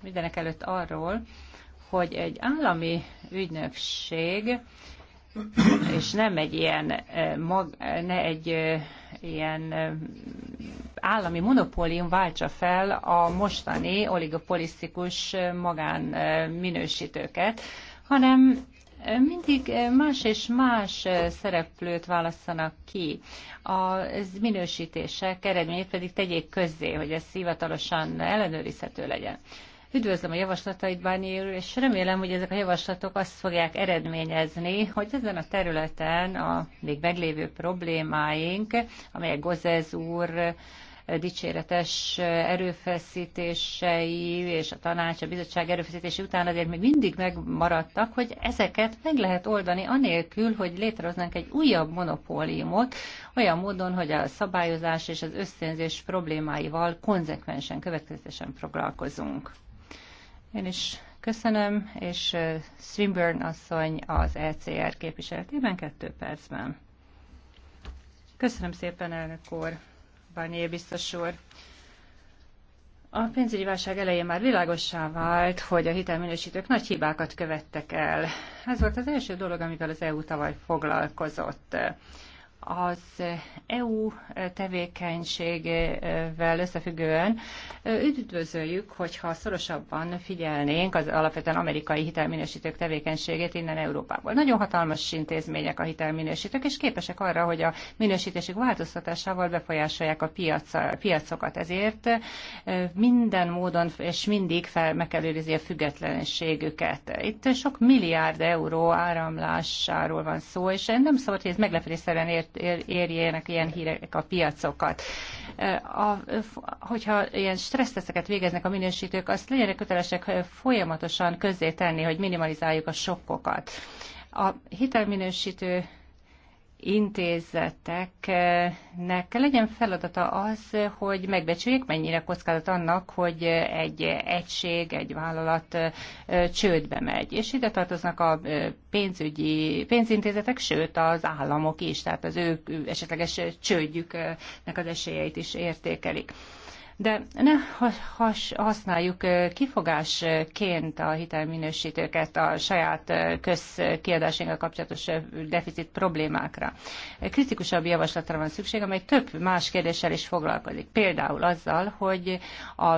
Speaker 2: mindenek előtt arról, hogy egy állami ügynökség, és nem egy ilyen, eh, mag, eh, ne egy eh, ilyen állami monopólium váltsa fel a mostani oligopolisztikus magánminősítőket, hanem mindig más és más szereplőt választanak ki. A minősítések eredményét pedig tegyék közzé, hogy ez hivatalosan ellenőrizhető legyen. Üdvözlöm a javaslatait, Bányi úr, és remélem, hogy ezek a javaslatok azt fogják eredményezni, hogy ezen a területen a még meglévő problémáink, amelyek Gozez úr dicséretes erőfeszítései és a tanács, a bizottság erőfeszítési után azért még mindig megmaradtak, hogy ezeket meg lehet oldani anélkül, hogy létrehoznánk egy újabb monopóliumot, olyan módon, hogy a szabályozás és az összenzés problémáival konzekvensen, következetesen foglalkozunk. Én is köszönöm, és Swinburne asszony az ECR képviseletében kettő percben. Köszönöm szépen, elnök úr, Barnier biztos úr. A pénzügyi válság elején már világossá vált, hogy a hitelminősítők nagy hibákat követtek el. Ez volt az első dolog, amivel az EU tavaly foglalkozott az EU tevékenységével összefüggően üdvözöljük, hogyha szorosabban figyelnénk az alapvetően amerikai hitelminősítők tevékenységét innen Európából. Nagyon hatalmas intézmények a hitelminősítők, és képesek arra, hogy a minősítésük változtatásával befolyásolják a piaca, piacokat. Ezért minden módon és mindig fel meg kell őrizni a függetlenségüket. Itt sok milliárd euró áramlásáról van szó, és nem szabad, hogy ez meglepetésszerűen ért érjenek ilyen hírek a piacokat. A, hogyha ilyen stresszteszeket végeznek a minősítők, azt legyenek kötelesek folyamatosan közzétenni, hogy minimalizáljuk a sokkokat. A hitelminősítő intézeteknek legyen feladata az, hogy megbecsüljék, mennyire kockázat annak, hogy egy egység, egy vállalat csődbe megy. És ide tartoznak a pénzügyi, pénzintézetek, sőt az államok is, tehát az ő esetleges csődjüknek az esélyeit is értékelik de ne has, használjuk kifogásként a hitelminősítőket a saját közkiadásainkkal kapcsolatos deficit problémákra. Kritikusabb javaslatra van szükség, amely több más kérdéssel is foglalkozik. Például azzal, hogy a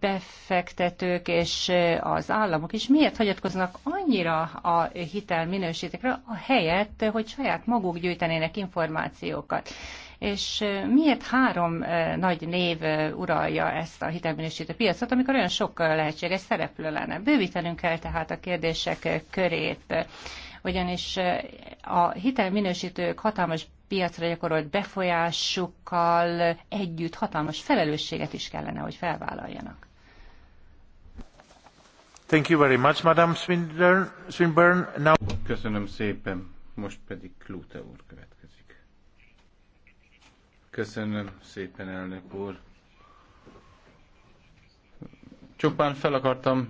Speaker 2: befektetők és az államok is miért hagyatkoznak annyira a hitelminősítőkre, a helyett, hogy saját maguk gyűjtenének információkat és miért három nagy név uralja ezt a hitelminősítő piacot, amikor olyan sok lehetséges szereplő lenne? Bővítenünk kell tehát a kérdések körét ugyanis a hitelminősítők hatalmas piacra gyakorolt befolyásukkal együtt hatalmas felelősséget is kellene, hogy felvállaljanak.
Speaker 3: Thank you very much, Madam Swinburne. Now... Köszönöm szépen. Most pedig Klute úr követ. Köszönöm szépen, elnök úr. Csupán fel akartam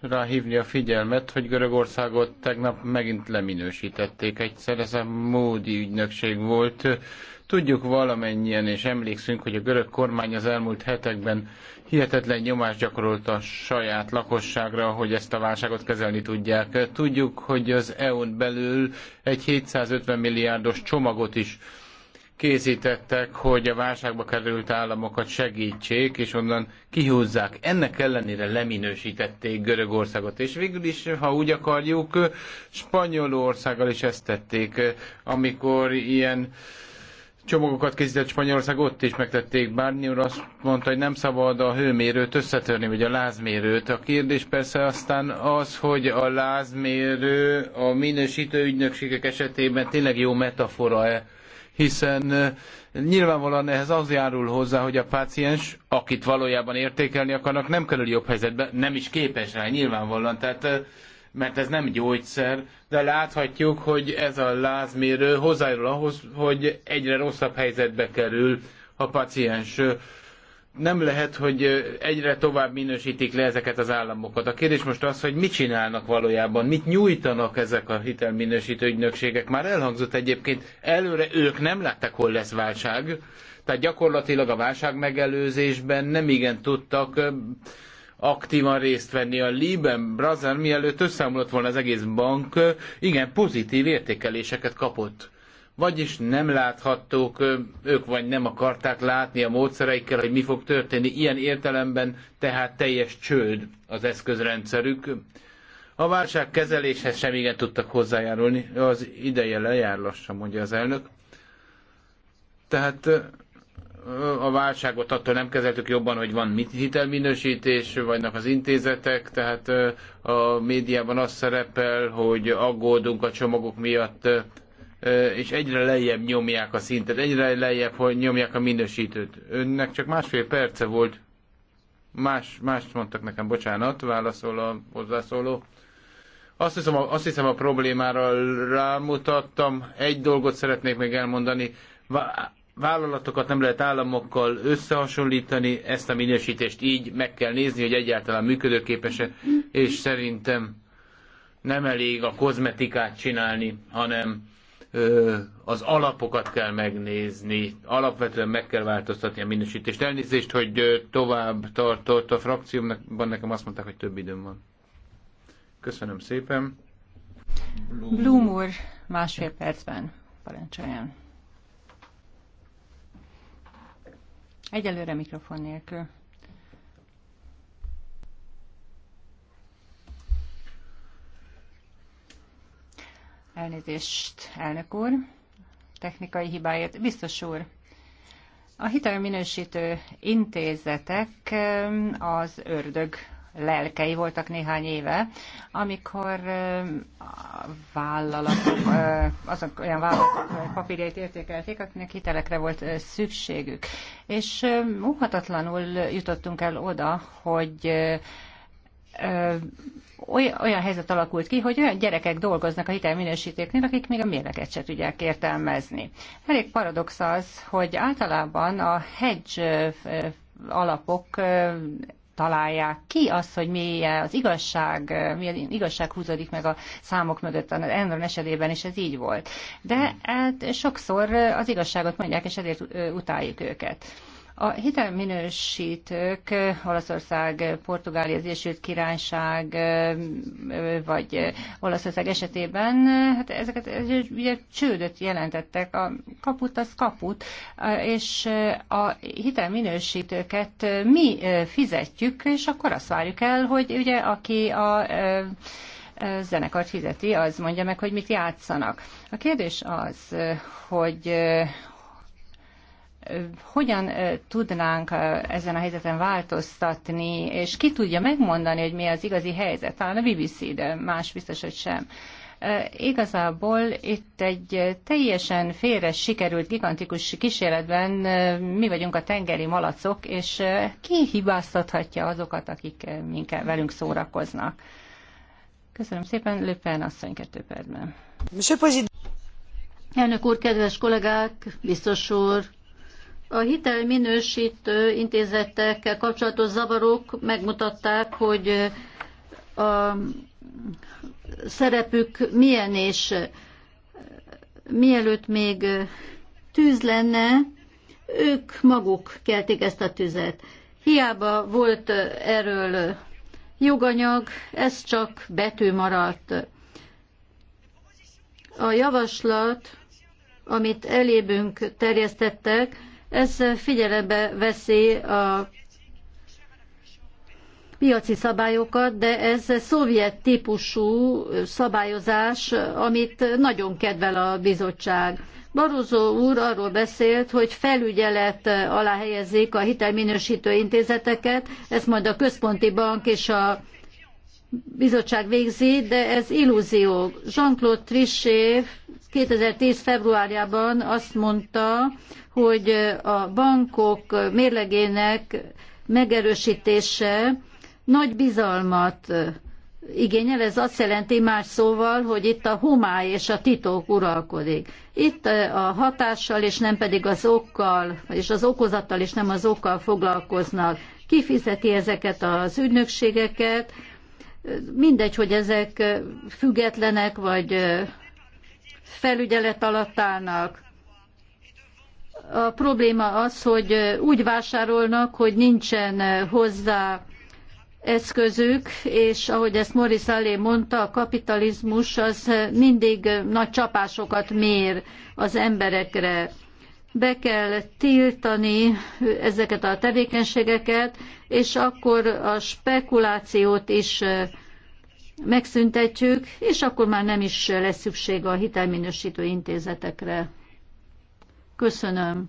Speaker 3: ráhívni a figyelmet, hogy Görögországot tegnap megint leminősítették egyszer. Ez a módi ügynökség volt. Tudjuk valamennyien, és emlékszünk, hogy a görög kormány az elmúlt hetekben hihetetlen nyomást gyakorolt a saját lakosságra, hogy ezt a válságot kezelni tudják. Tudjuk, hogy az EU-n belül egy 750 milliárdos csomagot is készítettek, hogy a válságba került államokat segítsék, és onnan kihúzzák. Ennek ellenére leminősítették Görögországot, és végül is, ha úgy akarjuk, Spanyolországgal is ezt tették, amikor ilyen csomagokat készített Spanyolország, ott is megtették. Bárnyi úr azt mondta, hogy nem szabad a hőmérőt összetörni, vagy a lázmérőt. A kérdés persze aztán az, hogy a lázmérő a minősítő ügynökségek esetében tényleg jó metafora-e hiszen nyilvánvalóan ehhez az járul hozzá, hogy a páciens, akit valójában értékelni akarnak, nem kerül jobb helyzetbe, nem is képes rá nyilvánvalóan, tehát mert ez nem gyógyszer, de láthatjuk, hogy ez a lázmérő hozzájárul ahhoz, hogy egyre rosszabb helyzetbe kerül a paciens nem lehet, hogy egyre tovább minősítik le ezeket az államokat. A kérdés most az, hogy mit csinálnak valójában, mit nyújtanak ezek a hitelminősítő ügynökségek. Már elhangzott egyébként, előre ők nem látták, hol lesz válság, tehát gyakorlatilag a válság megelőzésben nem igen tudtak aktívan részt venni a Lieben Brazil, mielőtt összeomlott volna az egész bank, igen, pozitív értékeléseket kapott vagyis nem láthattók, ők vagy nem akarták látni a módszereikkel, hogy mi fog történni. Ilyen értelemben tehát teljes csőd az eszközrendszerük. A válság kezeléshez sem igen tudtak hozzájárulni. Az ideje lejár lassan, mondja az elnök. Tehát a válságot attól nem kezeltük jobban, hogy van mit hitelminősítés, vannak az intézetek, tehát a médiában az szerepel, hogy aggódunk a csomagok miatt, és egyre lejjebb nyomják a szintet, egyre lejjebb, hogy nyomják a minősítőt. Önnek csak másfél perce volt, más, mást mondtak nekem, bocsánat, válaszol a hozzászóló. Azt hiszem, azt hiszem a problémára rámutattam. Egy dolgot szeretnék még elmondani. Vállalatokat nem lehet államokkal összehasonlítani, ezt a minősítést így meg kell nézni, hogy egyáltalán működőképes -e, és szerintem nem elég a kozmetikát csinálni, hanem az alapokat kell megnézni, alapvetően meg kell változtatni a minősítést. Elnézést, hogy tovább tartott a van nekem azt mondták, hogy több időm van. Köszönöm szépen.
Speaker 2: Blum úr, másfél percben parancsoljon. Egyelőre mikrofon nélkül. Elnézést, elnök úr. Technikai hibáért. Biztos úr, a hitelminősítő intézetek eh, az ördög lelkei voltak néhány éve, amikor eh, a vállalatok, eh, azok olyan vállalatok papírjait értékelték, akinek hitelekre volt szükségük. És óhatatlanul jutottunk el oda, hogy olyan helyzet alakult ki, hogy olyan gyerekek dolgoznak a hitelminősítéknél, akik még a mérleket se tudják értelmezni. Elég paradox az, hogy általában a hedge alapok találják ki azt, hogy mi az igazság, mi az igazság húzódik meg a számok mögött, az Enron esetében is ez így volt. De hát sokszor az igazságot mondják, és ezért utáljuk őket. A hitelminősítők Olaszország, Portugália, az Egyesült Királyság vagy Olaszország esetében, hát ezeket ugye csődöt jelentettek, a kaput az kaput, és a hitelminősítőket mi fizetjük, és akkor azt várjuk el, hogy ugye aki a zenekart fizeti, az mondja meg, hogy mit játszanak. A kérdés az, hogy hogyan tudnánk ezen a helyzeten változtatni, és ki tudja megmondani, hogy mi az igazi helyzet? Talán a BBC, de más biztos, hogy sem. Igazából itt egy teljesen félre sikerült gigantikus kísérletben mi vagyunk a tengeri malacok, és ki hibáztathatja azokat, akik minket velünk szórakoznak. Köszönöm szépen, Löpen asszony kettő percben.
Speaker 1: Elnök úr, kedves kollégák, biztos úr, a hitelminősítő intézetekkel kapcsolatos zavarok megmutatták, hogy a szerepük milyen, és mielőtt még tűz lenne, ők maguk keltik ezt a tüzet. Hiába volt erről joganyag, ez csak betű maradt. A javaslat, amit elébünk terjesztettek, ez figyelembe veszi a piaci szabályokat, de ez szovjet típusú szabályozás, amit nagyon kedvel a bizottság. Barozó úr arról beszélt, hogy felügyelet alá helyezik a hitelminősítő intézeteket, ezt majd a központi bank és a bizottság végzi, de ez illúzió. Jean-Claude Trichet 2010. februárjában azt mondta, hogy a bankok mérlegének megerősítése nagy bizalmat igényel, ez azt jelenti más szóval, hogy itt a homály és a titok uralkodik. Itt a hatással és nem pedig az okkal, és az okozattal és nem az okkal foglalkoznak. Kifizeti ezeket az ügynökségeket, mindegy, hogy ezek függetlenek vagy felügyelet alatt állnak. A probléma az, hogy úgy vásárolnak, hogy nincsen hozzá eszközük, és ahogy ezt Morris Allé mondta, a kapitalizmus az mindig nagy csapásokat mér az emberekre. Be kell tiltani ezeket a tevékenységeket, és akkor a spekulációt is megszüntetjük, és akkor már nem is lesz szükség a hitelminősítő intézetekre. Köszönöm.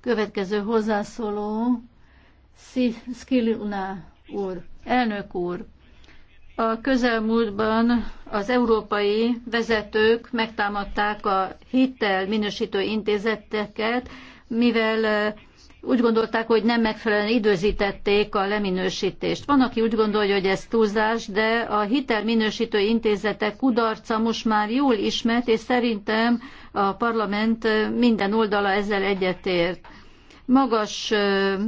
Speaker 1: Következő hozzászóló, Skiluna úr, elnök úr. A közelmúltban az európai vezetők megtámadták a hitel minősítő intézeteket, mivel úgy gondolták, hogy nem megfelelően időzítették a leminősítést. Van, aki úgy gondolja, hogy ez túlzás, de a hitelminősítő intézetek kudarca most már jól ismert, és szerintem a parlament minden oldala ezzel egyetért. Magas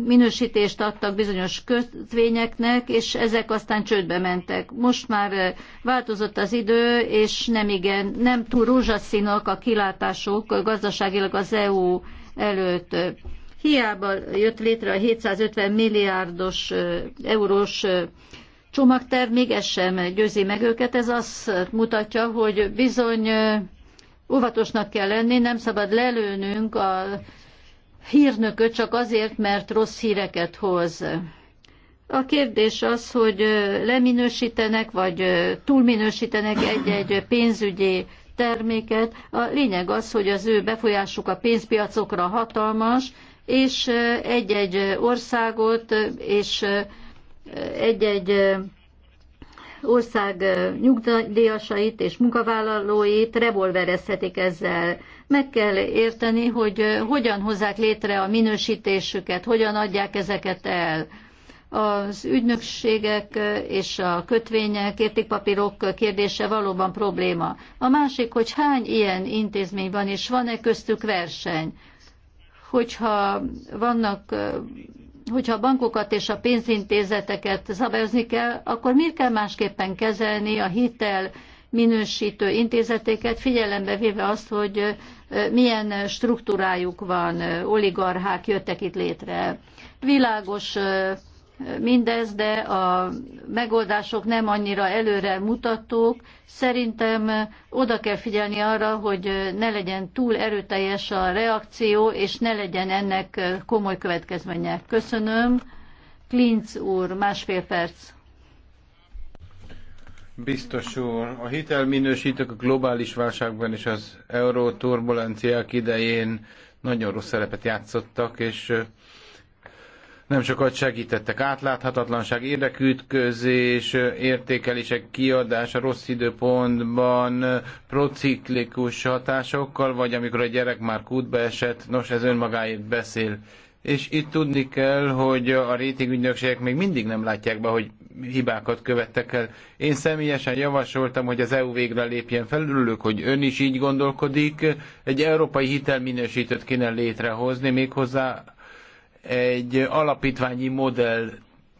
Speaker 1: minősítést adtak bizonyos kötvényeknek, és ezek aztán csődbe mentek. Most már változott az idő, és nem igen, nem túl rózsaszínak a kilátások gazdaságilag az EU előtt Hiába jött létre a 750 milliárdos eurós csomagterv, még ez sem győzi meg őket. Ez azt mutatja, hogy bizony óvatosnak kell lenni, nem szabad lelőnünk a hírnököt csak azért, mert rossz híreket hoz. A kérdés az, hogy leminősítenek, vagy túlminősítenek egy-egy pénzügyi terméket. A lényeg az, hogy az ő befolyásuk a pénzpiacokra hatalmas, és egy-egy országot és egy-egy ország nyugdíjasait és munkavállalóit revolverezhetik ezzel. Meg kell érteni, hogy hogyan hozzák létre a minősítésüket, hogyan adják ezeket el. Az ügynökségek és a kötvények, értékpapírok kérdése valóban probléma. A másik, hogy hány ilyen intézmény van, és van-e köztük verseny hogyha vannak hogyha a bankokat és a pénzintézeteket szabályozni kell, akkor miért kell másképpen kezelni a hitel minősítő intézetéket, figyelembe véve azt, hogy milyen struktúrájuk van, oligarchák jöttek itt létre. Világos mindez, de a megoldások nem annyira előre mutatók. Szerintem oda kell figyelni arra, hogy ne legyen túl erőteljes a reakció, és ne legyen ennek komoly következménye. Köszönöm. Klinc úr, másfél perc.
Speaker 3: Biztos úr, a hitelminősítők a globális válságban és az euró turbulenciák idején nagyon rossz szerepet játszottak, és nem sokat segítettek. Átláthatatlanság, érdekütközés, értékelések kiadása rossz időpontban, prociklikus hatásokkal, vagy amikor a gyerek már kútba esett, nos ez önmagáért beszél. És itt tudni kell, hogy a rétingügynökségek még mindig nem látják be, hogy hibákat követtek el. Én személyesen javasoltam, hogy az EU végre lépjen fel, hogy ön is így gondolkodik. Egy európai hitelminősítőt kéne létrehozni, méghozzá egy alapítványi modell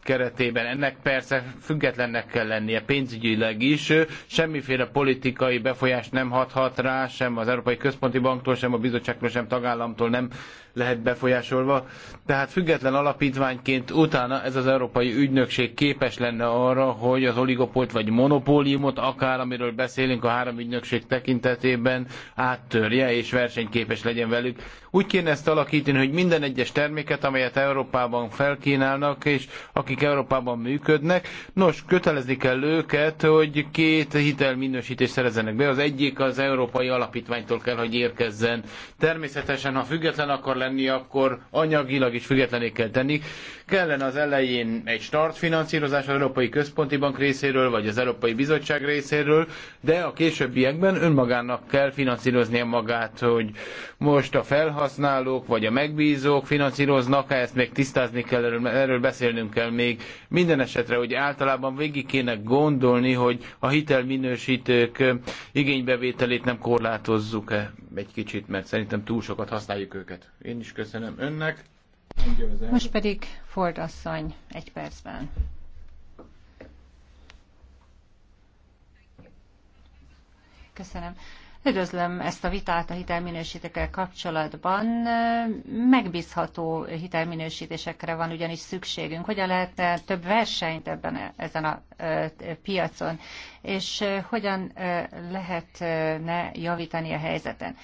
Speaker 3: keretében. Ennek persze függetlennek kell lennie pénzügyileg is. Semmiféle politikai befolyás nem hathat rá, sem az Európai Központi Banktól, sem a bizottságtól, sem tagállamtól nem lehet befolyásolva. Tehát független alapítványként utána ez az Európai Ügynökség képes lenne arra, hogy az oligopolt vagy monopóliumot, akár amiről beszélünk a három ügynökség tekintetében, áttörje és versenyképes legyen velük. Úgy kéne ezt alakítani, hogy minden egyes terméket, amelyet Európában felkínálnak, és akik Európában működnek, nos, kötelezni kell őket, hogy két hitelminősítést szerezzenek be. Az egyik az Európai Alapítványtól kell, hogy érkezzen. Természetesen, ha független akar lenni, akkor anyagilag is függetlené kell tenni. Kellene az elején egy start finanszírozás az Európai Központi Bank részéről, vagy az Európai Bizottság részéről, de a későbbiekben önmagának kell finanszíroznia magát, hogy most a felhasználók vagy a megbízók finanszíroznak, ezt még tisztázni kell, erről, erről beszélnünk kell még. Minden esetre, hogy általában végig kéne gondolni, hogy a hitelminősítők igénybevételét nem korlátozzuk-e egy kicsit, mert szerintem túl sokat használjuk őket. Én is köszönöm önnek.
Speaker 2: Most pedig Ford asszony egy percben. Köszönöm. Üdvözlöm ezt a vitát a hitelminősítékkel kapcsolatban. Megbízható hitelminősítésekre van ugyanis szükségünk. Hogyan lehetne több versenyt ebben e- ezen a e, piacon, és e, hogyan lehetne javítani a helyzeten?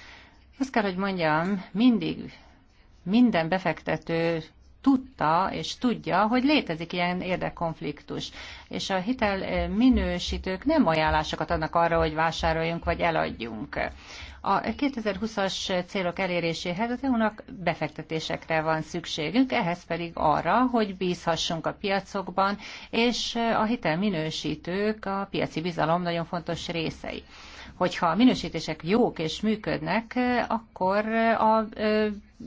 Speaker 2: Azt kell, hogy mondjam, mindig minden befektető tudta és tudja, hogy létezik ilyen érdekkonfliktus. És a hitel eh, minősítők nem ajánlásokat adnak arra, hogy vásároljunk vagy eladjunk. A 2020-as célok eléréséhez az EU-nak befektetésekre van szükségünk, ehhez pedig arra, hogy bízhassunk a piacokban, és eh, a hitelminősítők a piaci bizalom nagyon fontos részei hogyha a minősítések jók és működnek, eh, akkor a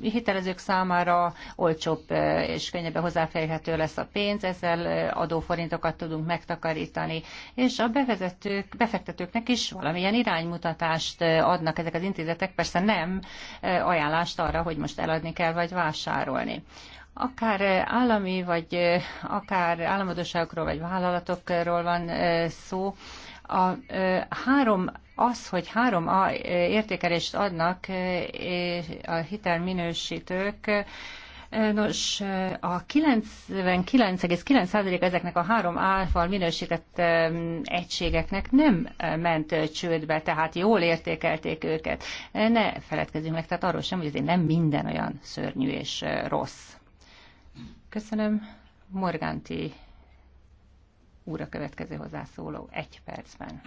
Speaker 2: hitelezők számára olcsóbb és könnyebben hozzáférhető lesz a pénz, ezzel adóforintokat tudunk megtakarítani, és a bevezetők, befektetőknek is valamilyen iránymutatást adnak ezek az intézetek, persze nem ajánlást arra, hogy most eladni kell vagy vásárolni akár állami, vagy akár államadóságokról, vagy vállalatokról van szó, a három az, hogy három a eh, értékelést adnak eh, a hitelminősítők, eh, Nos, a 99,9% ezeknek a három álfal minősített egységeknek nem ment csődbe, tehát jól értékelték őket. Ne feledkezzünk meg, tehát arról sem, hogy azért nem minden olyan szörnyű és rossz. Köszönöm. Morganti úr a következő hozzászóló egy percben.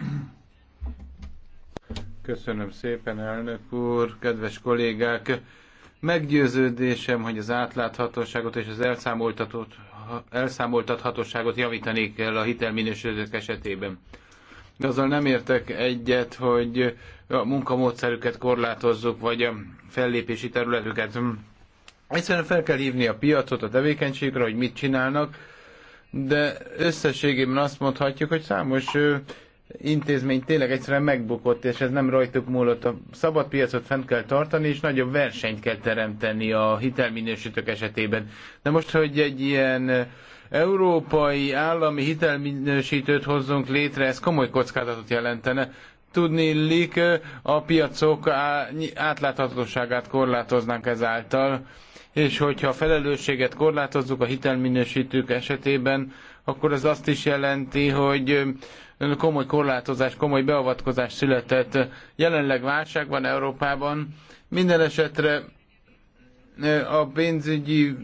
Speaker 3: Köszönöm szépen, elnök úr, kedves kollégák! Meggyőződésem, hogy az átláthatóságot és az elszámoltathatóságot javítani kell a hitelminősödők esetében. De azzal nem értek egyet, hogy a munkamódszerüket korlátozzuk, vagy a fellépési területüket. Egyszerűen fel kell hívni a piacot a tevékenységre, hogy mit csinálnak, de összességében azt mondhatjuk, hogy számos intézmény tényleg egyszerűen megbukott, és ez nem rajtuk múlott. A szabad piacot fent kell tartani, és nagyobb versenyt kell teremteni a hitelminősítők esetében. De most, hogy egy ilyen európai állami hitelminősítőt hozzunk létre, ez komoly kockázatot jelentene. Tudni illik, a piacok átláthatóságát korlátoznánk ezáltal, és hogyha a felelősséget korlátozzuk a hitelminősítők esetében, akkor ez azt is jelenti, hogy komoly korlátozás, komoly beavatkozás született. Jelenleg válság van Európában. Minden esetre a pénzügyi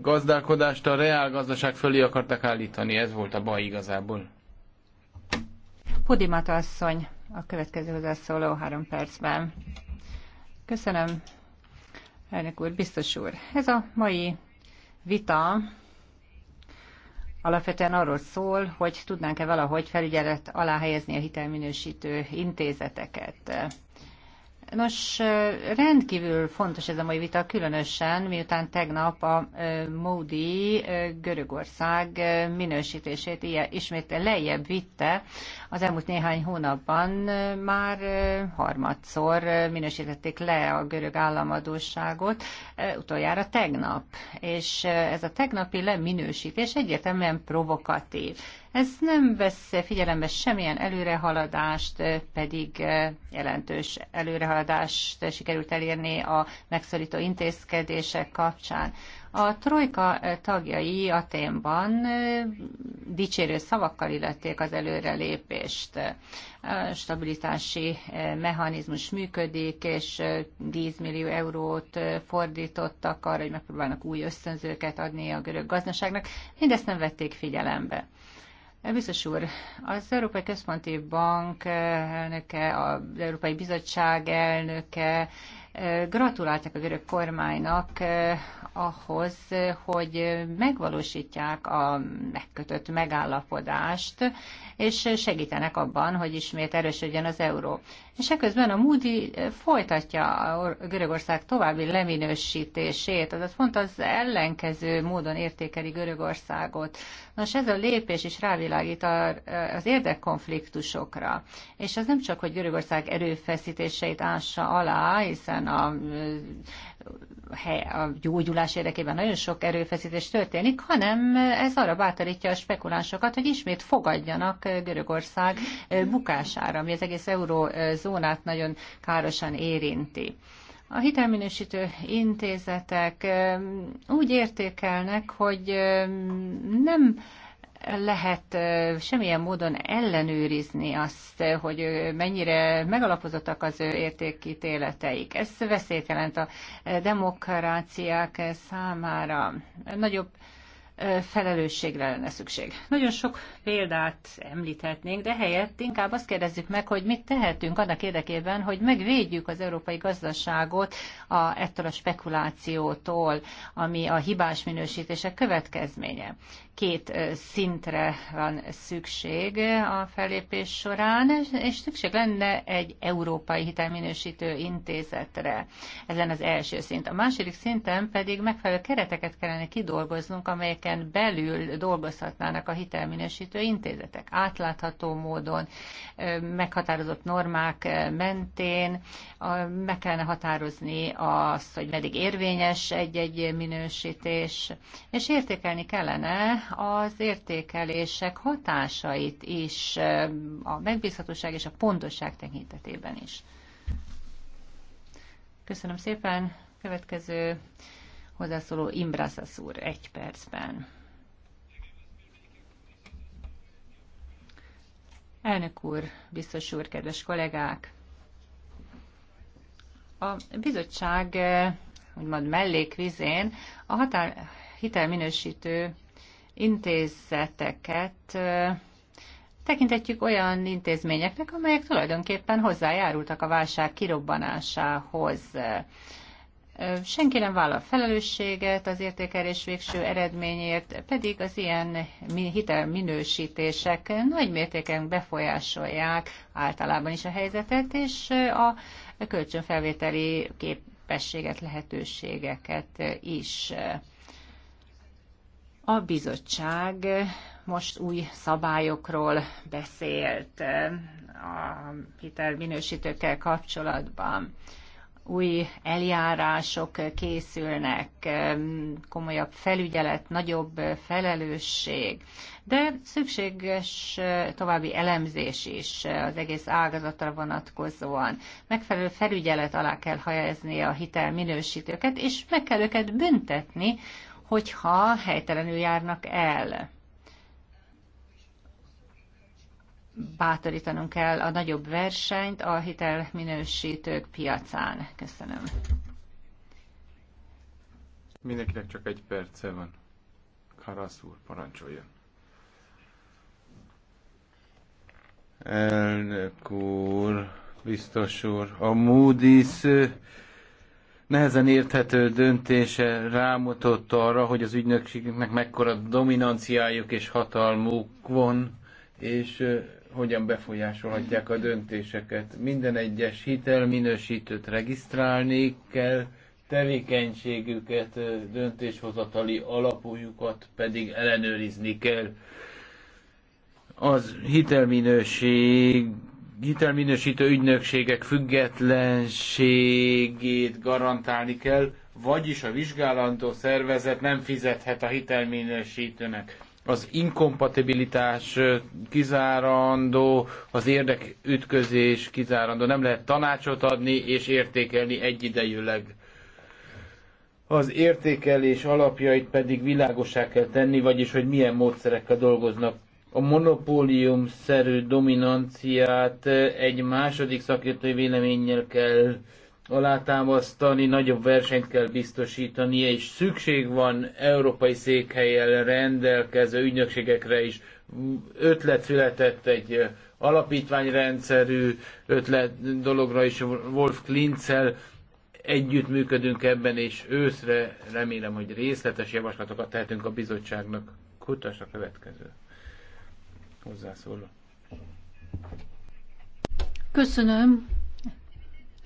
Speaker 3: gazdálkodást a reál gazdaság fölé akartak állítani. Ez volt a baj igazából.
Speaker 2: Pudimata asszony, a következő hozzászóló három percben. Köszönöm, elnök úr, biztos úr. Ez a mai vita alapvetően arról szól, hogy tudnánk-e valahogy felügyelet alá helyezni a hitelminősítő intézeteket. Nos, rendkívül fontos ez a mai vita, különösen miután tegnap a Módi Görögország minősítését ismét lejjebb vitte az elmúlt néhány hónapban már harmadszor minősítették le a görög államadóságot, utoljára tegnap. És ez a tegnapi leminősítés egyértelműen provokatív. Ez nem vesz figyelembe semmilyen előrehaladást, pedig jelentős előrehaladást sikerült elérni a megszorító intézkedések kapcsán. A trojka eh, tagjai Aténban eh, dicsérő szavakkal illették az előrelépést. A stabilitási eh, mechanizmus működik, és 10 millió eurót fordítottak arra, hogy megpróbálnak új ösztönzőket adni a görög gazdaságnak. Mindezt nem vették figyelembe. Biztos úr, az Európai Központi Bank elnöke, az Európai Bizottság elnöke gratuláltak a görög kormánynak ahhoz, hogy megvalósítják a megkötött megállapodást, és segítenek abban, hogy ismét erősödjön az euró. És ekközben a Moody folytatja a Görögország további leminősítését, azaz pont az ellenkező módon értékeli Görögországot. Nos, ez a lépés is rávilágít az érdekkonfliktusokra. És az nem csak, hogy Görögország erőfeszítéseit ássa alá, hiszen a a gyógyulás érdekében nagyon sok erőfeszítés történik, hanem ez arra bátorítja a spekulánsokat, hogy ismét fogadjanak eh, Görögország eh, bukására, ami az egész eurózónát nagyon károsan érinti. A hitelminősítő intézetek eh, úgy értékelnek, hogy nem lehet semmilyen módon ellenőrizni azt, hogy mennyire megalapozottak az ő értékítéleteik. Ez veszélyt jelent a demokráciák számára. Nagyobb felelősségre lenne szükség. Nagyon sok példát említhetnénk, de helyett inkább azt kérdezzük meg, hogy mit tehetünk annak érdekében, hogy megvédjük az európai gazdaságot a, ettől a spekulációtól, ami a hibás minősítések következménye. Két szintre van szükség a fellépés során, és szükség lenne egy európai hitelminősítő intézetre. Ez lenne az első szint. A második szinten pedig megfelelő kereteket kellene kidolgoznunk, amelyek ezeken belül dolgozhatnának a hitelminősítő intézetek átlátható módon, meghatározott normák mentén, meg kellene határozni azt, hogy meddig érvényes egy-egy minősítés, és értékelni kellene az értékelések hatásait is, a megbízhatóság és a pontosság tekintetében is. Köszönöm szépen. Következő Hozzászóló Imbrasas úr egy percben. Elnök úr, biztos úr, kedves kollégák! A bizottság eh, úgymond mellékvizén a határ, hitelminősítő intézeteket eh, tekintetjük olyan intézményeknek, amelyek tulajdonképpen hozzájárultak a válság kirobbanásához. Senki nem vállal felelősséget az értékelés végső eredményért, pedig az ilyen hitelminősítések nagy mértéken befolyásolják általában is a helyzetet, és a kölcsönfelvételi képességet, lehetőségeket is. A bizottság most új szabályokról beszélt a hitelminősítőkkel kapcsolatban új eljárások készülnek, komolyabb felügyelet, nagyobb felelősség, de szükséges további elemzés is az egész ágazatra vonatkozóan. Megfelelő felügyelet alá kell helyezni a minősítőket és meg kell őket büntetni, hogyha helytelenül járnak el. bátorítanunk kell a nagyobb versenyt a hitelminősítők piacán. Köszönöm.
Speaker 3: Mindenkinek csak egy perce van. Karasz úr, parancsoljon. Elnök úr, biztos úr, a Moody's nehezen érthető döntése rámutott arra, hogy az ügynökségünknek mekkora dominanciájuk és hatalmuk van, és hogyan befolyásolhatják a döntéseket. Minden egyes hitelminősítőt regisztrálni kell, tevékenységüket, döntéshozatali alapújukat pedig ellenőrizni kell. Az hitelminőség hitelminősítő ügynökségek függetlenségét garantálni kell, vagyis a vizsgálandó szervezet nem fizethet a hitelminősítőnek az inkompatibilitás kizárandó, az érdekütközés kizárandó. Nem lehet tanácsot adni és értékelni egyidejűleg. Az értékelés alapjait pedig világosá kell tenni, vagyis hogy milyen módszerekkel dolgoznak. A monopólium szerű dominanciát egy második szakértői véleménnyel kell alátámasztani, nagyobb versenyt kell biztosítani, és szükség van európai székhelyen rendelkező ügynökségekre is. Ötlet született egy alapítványrendszerű ötlet dologra is Wolf Klinzel együttműködünk ebben, és őszre remélem, hogy részletes javaslatokat tehetünk a bizottságnak. Kutas a következő hozzászóló.
Speaker 1: Köszönöm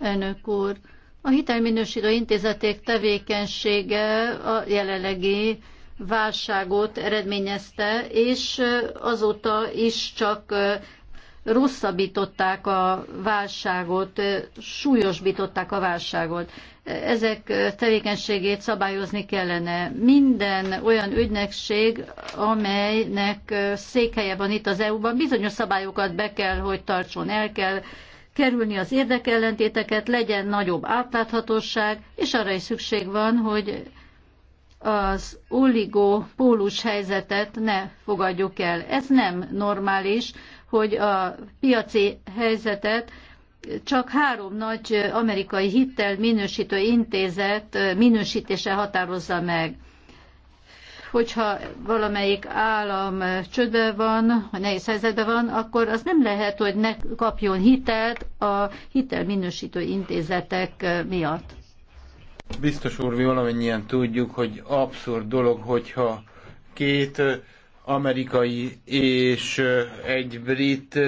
Speaker 1: elnök úr. A hitelminősítő intézeték tevékenysége a jelenlegi válságot eredményezte, és azóta is csak rosszabbították a válságot, súlyosbították a válságot. Ezek tevékenységét szabályozni kellene. Minden olyan ügynökség, amelynek székhelye van itt az EU-ban, bizonyos szabályokat be kell, hogy tartson, el kell kerülni az érdekellentéteket, legyen nagyobb átláthatóság, és arra is szükség van, hogy az oligo-pólus helyzetet ne fogadjuk el. Ez nem normális, hogy a piaci helyzetet csak három nagy amerikai hittel minősítő intézet minősítése határozza meg hogyha valamelyik állam csődbe van, vagy nehéz helyzetben van, akkor az nem lehet, hogy ne kapjon hitelt a hitelminősítő intézetek miatt.
Speaker 3: Biztos úr, mi valamennyien tudjuk, hogy abszurd dolog, hogyha két amerikai és egy brit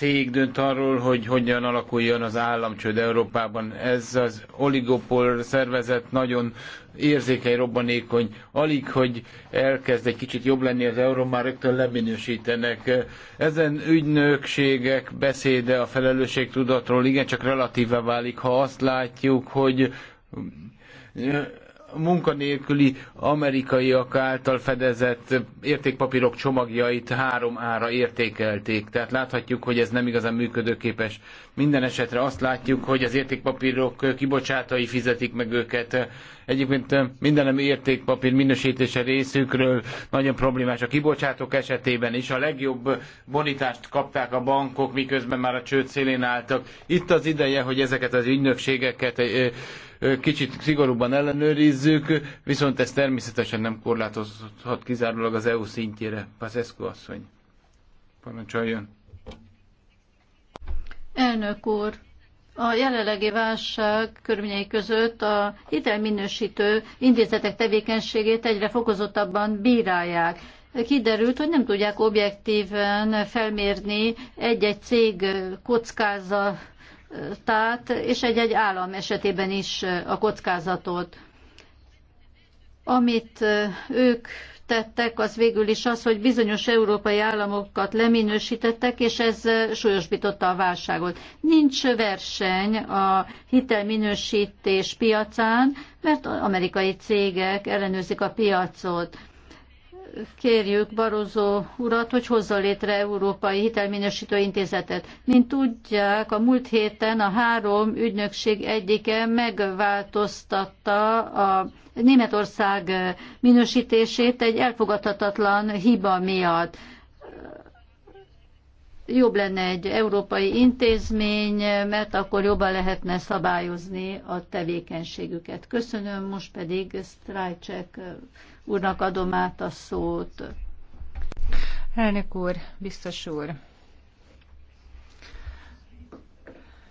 Speaker 3: cég dönt arról, hogy hogyan alakuljon az államcsőd Európában. Ez az oligopol szervezet nagyon érzékeny, robbanékony. Alig, hogy elkezd egy kicsit jobb lenni az euró, már rögtön leminősítenek. Ezen ügynökségek beszéde a felelősségtudatról igencsak relatíve válik, ha azt látjuk, hogy munkanélküli amerikaiak által fedezett értékpapírok csomagjait három ára értékelték. Tehát láthatjuk, hogy ez nem igazán működőképes. Minden esetre azt látjuk, hogy az értékpapírok kibocsátai fizetik meg őket. Egyébként nem értékpapír minősítése részükről nagyon problémás a kibocsátók esetében is. A legjobb bonitást kapták a bankok, miközben már a csőd szélén álltak. Itt az ideje, hogy ezeket az ügynökségeket eh, kicsit szigorúban ellenőrizzük, viszont ez természetesen nem korlátozhat kizárólag az EU szintjére. Paszeszko asszony, parancsoljon.
Speaker 1: Elnök úr, a jelenlegi válság körülményei között a hitelminősítő intézetek tevékenységét egyre fokozottabban bírálják. Kiderült, hogy nem tudják objektíven felmérni egy-egy cég kockázat tehát, és egy-egy állam esetében is a kockázatot. Amit ők tettek, az végül is az, hogy bizonyos európai államokat leminősítettek, és ez súlyosbította a válságot. Nincs verseny a hitelminősítés piacán, mert amerikai cégek ellenőrzik a piacot kérjük Barozó urat, hogy hozza létre Európai Hitelminősítő Intézetet. Mint tudják, a múlt héten a három ügynökség egyike megváltoztatta a Németország minősítését egy elfogadhatatlan hiba miatt. Jobb lenne egy európai intézmény, mert akkor jobban lehetne szabályozni a tevékenységüket. Köszönöm, most pedig Strajcsek úrnak adom át a szót. Elnök úr, biztos úr,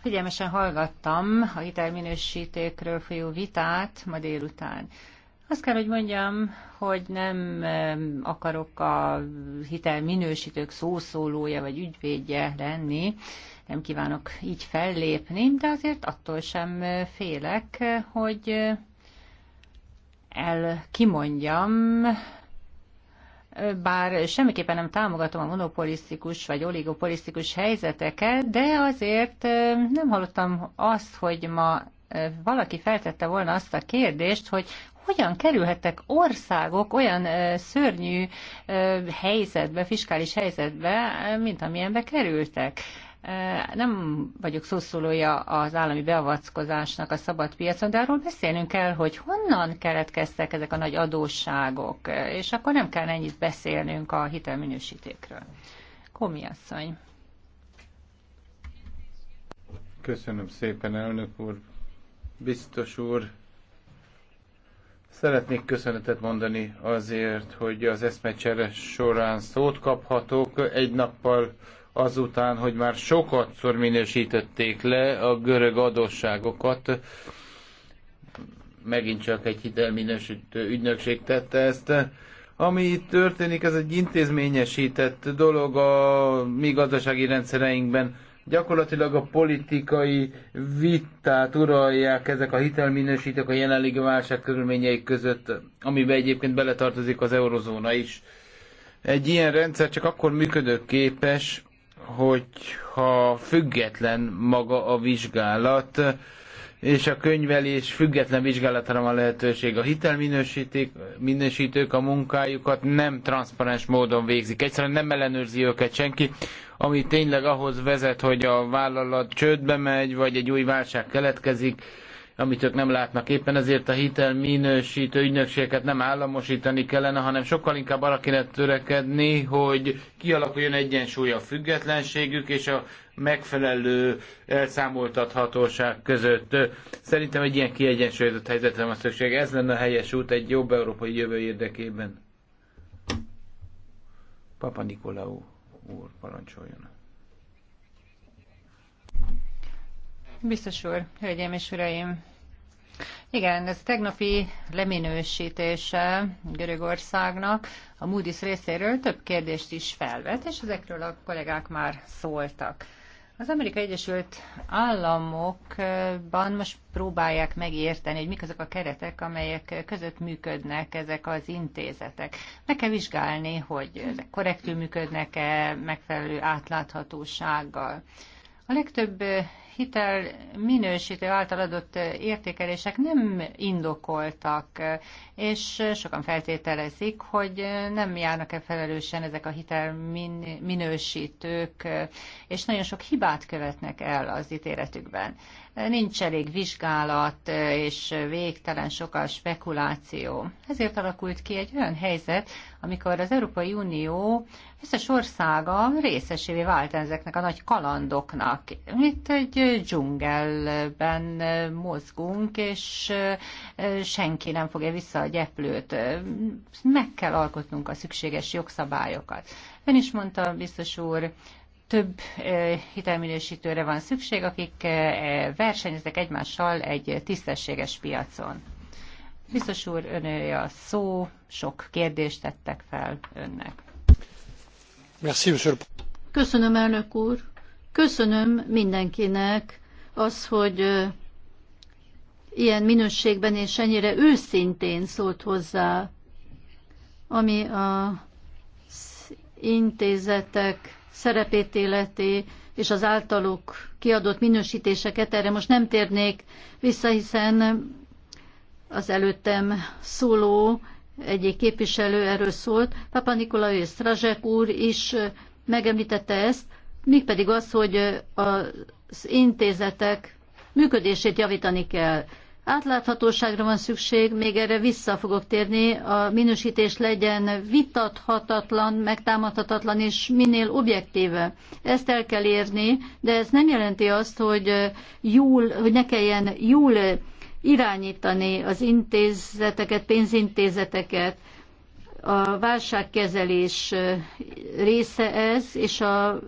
Speaker 2: figyelmesen hallgattam a hitelminősítékről folyó vitát ma délután. Azt kell, hogy mondjam, hogy nem akarok a hitelminősítők szószólója vagy ügyvédje lenni, nem kívánok így fellépni, de azért attól sem félek, hogy el kimondjam, bár semmiképpen nem támogatom a monopolisztikus vagy oligopolisztikus helyzeteket, de azért nem hallottam azt, hogy ma valaki feltette volna azt a kérdést, hogy hogyan kerülhettek országok olyan szörnyű helyzetbe, fiskális helyzetbe, mint amilyenbe kerültek. Nem vagyok szószólója az állami beavatkozásnak a szabad piacon, de arról beszélnünk kell, hogy honnan keletkeztek ezek a nagy adósságok, és akkor nem kell ennyit beszélnünk a hitelminősítékről. Komi asszony.
Speaker 3: Köszönöm szépen, elnök úr. Biztos úr, Szeretnék köszönetet mondani azért, hogy az eszmecsere során szót kaphatok. Egy nappal azután, hogy már sokatszor minősítették le a görög adósságokat, megint csak egy hitelminősítő ügynökség tette ezt. Ami itt történik, ez egy intézményesített dolog a mi gazdasági rendszereinkben. Gyakorlatilag a politikai vitát uralják ezek a hitelminősítők a jelenlegi válság körülményeik között, amiben egyébként beletartozik az eurozóna is. Egy ilyen rendszer csak akkor működőképes, hogyha független maga a vizsgálat, és a könyvelés független vizsgálatra van lehetőség. A hitelminősítők a munkájukat nem transzparens módon végzik. Egyszerűen nem ellenőrzi őket senki, ami tényleg ahhoz vezet, hogy a vállalat csődbe megy, vagy egy új válság keletkezik, amit ők nem látnak. Éppen ezért a hitel minősítő ügynökségeket nem államosítani kellene, hanem sokkal inkább arra kéne törekedni, hogy kialakuljon egyensúly a függetlenségük és a megfelelő elszámoltathatóság között. Szerintem egy ilyen kiegyensúlyozott helyzetre van szükség. Ez lenne a helyes út egy jobb európai jövő érdekében. Papa Nikolaou úr, parancsoljon.
Speaker 2: Biztos úr, hölgyeim és uraim! Igen, ez tegnapi leminősítése Görögországnak a Moody's részéről több kérdést is felvet, és ezekről a kollégák már szóltak. Az Amerikai Egyesült Államokban most próbálják megérteni, hogy mik azok a keretek, amelyek között működnek ezek az intézetek. Meg kell vizsgálni, hogy ezek korrektül működnek-e, megfelelő átláthatósággal. A legtöbb hitel minősítő által adott értékelések nem indokoltak, és sokan feltételezik, hogy nem járnak-e felelősen ezek a hitel min- minősítők, és nagyon sok hibát követnek el az ítéletükben nincs elég vizsgálat, és végtelen sok a spekuláció. Ezért alakult ki egy olyan helyzet, amikor az Európai Unió összes országa részesévé vált ezeknek a nagy kalandoknak. Itt egy dzsungelben mozgunk, és senki nem fogja vissza a gyeplőt. Meg kell alkotnunk a szükséges jogszabályokat. Ön is mondta, biztos úr, több hitelminősítőre van szükség, akik versenyeznek egymással egy tisztességes piacon. Biztos úr, önője a szó, sok kérdést tettek fel önnek.
Speaker 3: Merci,
Speaker 1: Köszönöm, elnök úr. Köszönöm mindenkinek az, hogy ilyen minőségben és ennyire őszintén szólt hozzá, ami a intézetek szerepét életé, és az általuk kiadott minősítéseket, erre most nem térnék vissza, hiszen az előttem szóló egyik képviselő erről szólt. Papa Nikolai és úr is megemlítette ezt, mégpedig az, hogy az intézetek működését javítani kell. Átláthatóságra van szükség, még erre vissza fogok térni, a minősítés legyen vitathatatlan, megtámadhatatlan és minél objektíve. Ezt el kell érni, de ez nem jelenti azt, hogy, jól, hogy ne kelljen jól irányítani az intézeteket, pénzintézeteket. A válságkezelés része ez, és a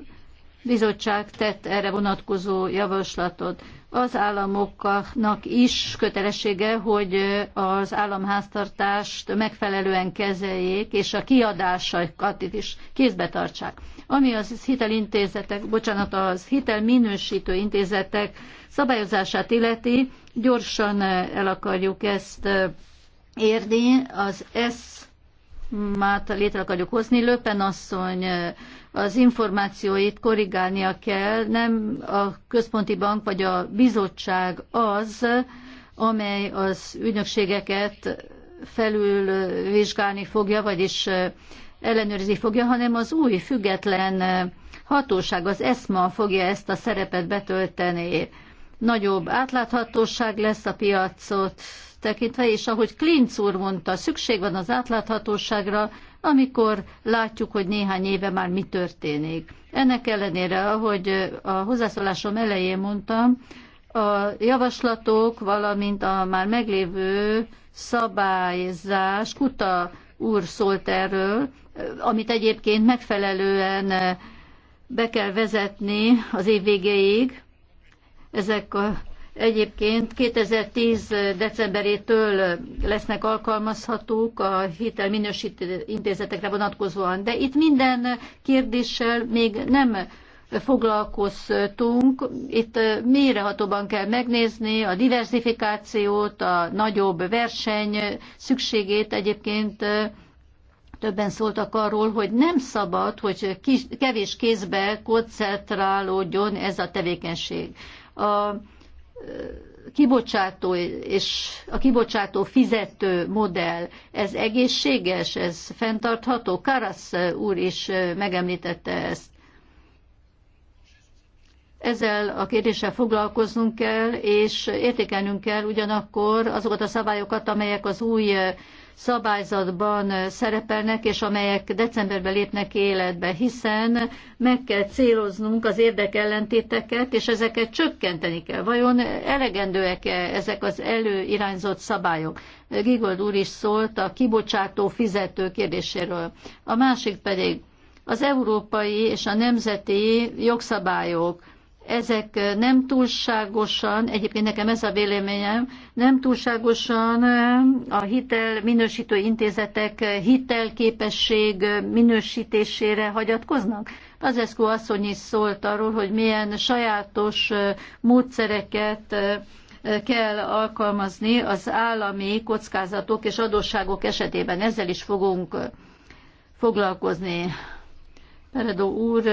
Speaker 1: bizottság tett erre vonatkozó javaslatot az államoknak is kötelessége, hogy az államháztartást megfelelően kezeljék, és a kiadásaikat is kézbe tartsák. Ami az hitelintézetek, bocsánat, az hitelminősítő intézetek szabályozását illeti, gyorsan el akarjuk ezt érni. Az S-mát létre akarjuk hozni. Löpen asszony az információit korrigálnia kell, nem a központi bank vagy a bizottság az, amely az ügynökségeket felül vizsgálni fogja, vagyis ellenőrizni fogja, hanem az új független hatóság, az ESMA fogja ezt a szerepet betölteni. Nagyobb átláthatóság lesz a piacot tekintve, és ahogy Klinc úr mondta, szükség van az átláthatóságra, amikor látjuk, hogy néhány éve már mi történik. Ennek ellenére, ahogy a hozzászólásom elején mondtam, a javaslatok, valamint a már meglévő szabályzás, Kuta úr szólt erről, amit egyébként megfelelően be kell vezetni az év végéig, ezek a Egyébként 2010. decemberétől lesznek alkalmazhatók a hitelminősítő intézetekre vonatkozóan, de itt minden kérdéssel még nem foglalkoztunk. Itt mélyrehatóban kell megnézni a diversifikációt, a nagyobb verseny szükségét egyébként többen szóltak arról, hogy nem szabad, hogy kis, kevés kézbe koncentrálódjon ez a tevékenység. A kibocsátó és a kibocsátó fizető modell, ez egészséges, ez fenntartható? Karasz úr is megemlítette ezt. Ezzel a kérdéssel foglalkoznunk kell, és értékelnünk kell ugyanakkor azokat a szabályokat, amelyek az új szabályzatban szerepelnek, és amelyek decemberben lépnek életbe, hiszen meg kell céloznunk az érdekellentéteket, és ezeket csökkenteni kell. Vajon elegendőek-e ezek az előirányzott szabályok? Gigold úr is szólt a kibocsátó fizető kérdéséről. A másik pedig az európai és a nemzeti jogszabályok ezek nem túlságosan, egyébként nekem ez a véleményem, nem túlságosan eh, a hitel minősítő intézetek hitelképesség minősítésére hagyatkoznak. Pazeszkó asszony is szólt arról, hogy milyen sajátos eh, módszereket eh, kell alkalmazni az állami kockázatok és adósságok esetében. Ezzel is fogunk foglalkozni. Peredó úr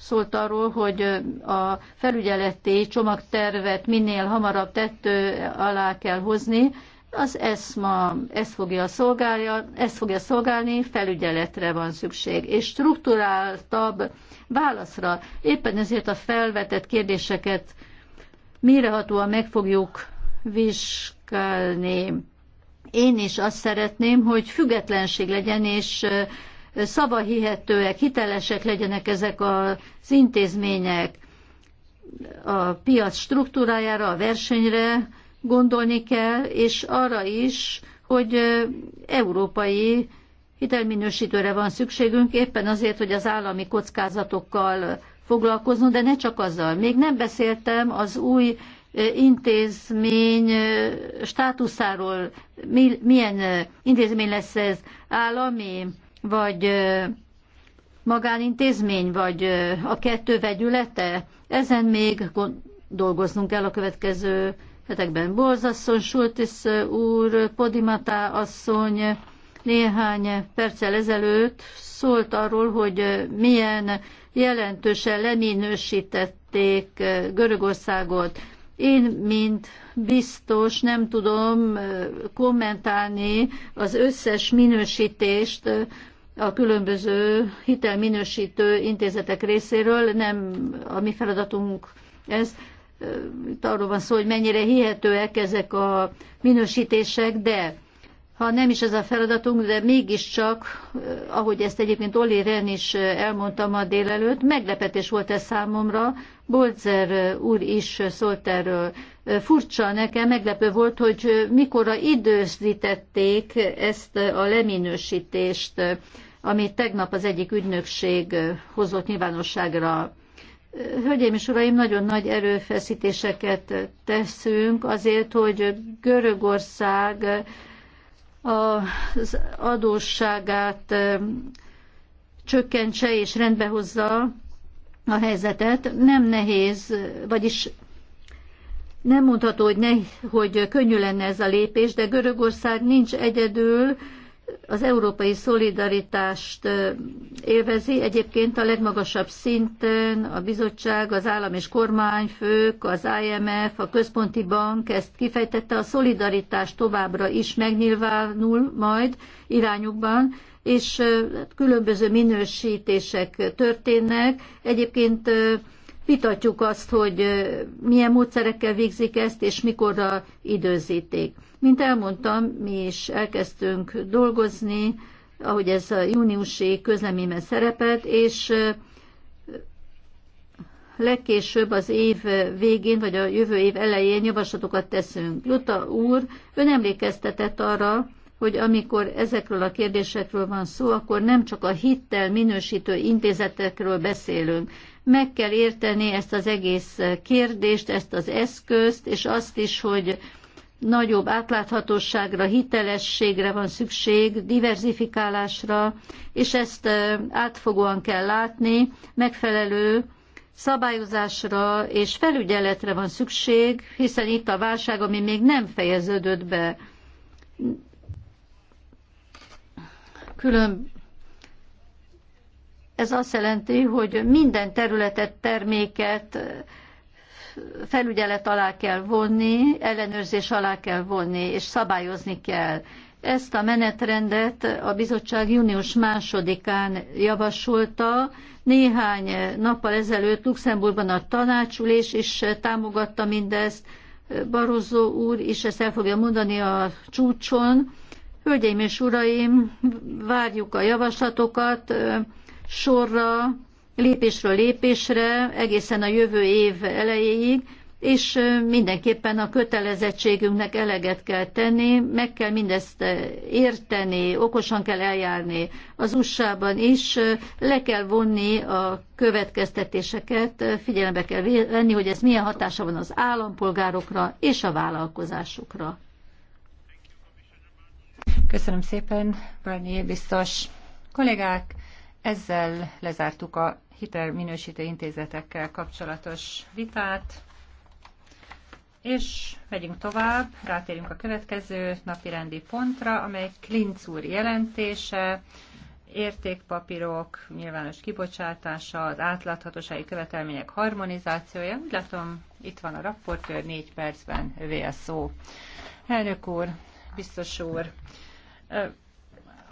Speaker 1: szólt arról, hogy a felügyeleti csomagtervet minél hamarabb tettő alá kell hozni, az ESMA ezt fogja, szolgálja, ezt fogja szolgálni, felügyeletre van szükség, és strukturáltabb válaszra. Éppen ezért a felvetett kérdéseket mirehatóan meg fogjuk vizsgálni. Én is azt szeretném, hogy függetlenség legyen, és szavahihetőek, hitelesek legyenek ezek az intézmények. A piac struktúrájára, a versenyre gondolni kell, és arra is, hogy európai hitelminősítőre van szükségünk, éppen azért, hogy az állami kockázatokkal foglalkozunk, de ne csak azzal. Még nem beszéltem az új intézmény státuszáról, milyen intézmény lesz ez állami, vagy magánintézmény, vagy a kettő vegyülete, ezen még dolgoznunk kell a következő hetekben. Borzasszony, Sultis úr, Podimata asszony néhány perccel ezelőtt szólt arról, hogy milyen jelentősen leminősítették Görögországot. Én, mint biztos, nem tudom kommentálni az összes minősítést, a különböző hitelminősítő intézetek részéről, nem a mi feladatunk ez, itt arról van szó, hogy mennyire hihetőek ezek a minősítések, de ha nem is ez a feladatunk, de mégiscsak, ahogy ezt egyébként Oli Ren is elmondta ma délelőtt, meglepetés volt ez számomra, Bolzer úr is szólt erről. Furcsa nekem, meglepő volt, hogy mikor időzítették ezt a leminősítést amit tegnap az egyik ügynökség hozott nyilvánosságra. Hölgyeim és uraim, nagyon nagy erőfeszítéseket teszünk azért, hogy Görögország az adósságát csökkentse és rendbe hozza a helyzetet. Nem nehéz, vagyis nem mondható, hogy, ne, hogy könnyű lenne ez a lépés, de Görögország nincs egyedül, az európai szolidaritást élvezi. Egyébként a legmagasabb szinten a bizottság, az állam és kormányfők, az IMF, a központi bank ezt kifejtette, a szolidaritás továbbra is megnyilvánul majd irányukban, és hát különböző minősítések történnek. Egyébként vitatjuk azt, hogy milyen módszerekkel végzik ezt, és mikorra időzíték. Mint elmondtam, mi is elkezdtünk dolgozni, ahogy ez a júniusi közleményben szerepelt, és legkésőbb az év végén, vagy a jövő év elején javaslatokat teszünk. Luta úr, ön emlékeztetett arra, hogy amikor ezekről a kérdésekről van szó, akkor nem csak a hittel minősítő intézetekről beszélünk. Meg kell érteni ezt az egész kérdést, ezt az eszközt, és azt is, hogy nagyobb átláthatóságra, hitelességre van szükség, diversifikálásra, és ezt átfogóan kell látni, megfelelő szabályozásra és felügyeletre van szükség, hiszen itt a válság, ami még nem fejeződött be. Külön ez azt jelenti, hogy minden területet, terméket felügyelet alá kell vonni, ellenőrzés alá kell vonni, és szabályozni kell. Ezt a menetrendet a bizottság június másodikán javasolta, néhány nappal ezelőtt Luxemburgban a tanácsülés is támogatta mindezt, Barozó úr is ezt el fogja mondani a csúcson. Hölgyeim és uraim, várjuk a javaslatokat, sorra, lépésről lépésre, egészen a jövő év elejéig, és mindenképpen a kötelezettségünknek eleget kell tenni, meg kell mindezt érteni, okosan kell eljárni. Az USA-ban is le kell vonni a következtetéseket, figyelembe kell venni, hogy ez milyen hatása van az állampolgárokra és a vállalkozásukra.
Speaker 2: Köszönöm szépen, Barnier biztos kollégák! Ezzel lezártuk a hitelminősítő intézetekkel kapcsolatos vitát, és megyünk tovább, rátérünk a következő napi rendi pontra, amely Klinc úr jelentése, értékpapírok nyilvános kibocsátása, az átláthatósági követelmények harmonizációja. Úgy látom, itt van a rapportőr, négy percben övé a szó. Elnök úr, biztos úr,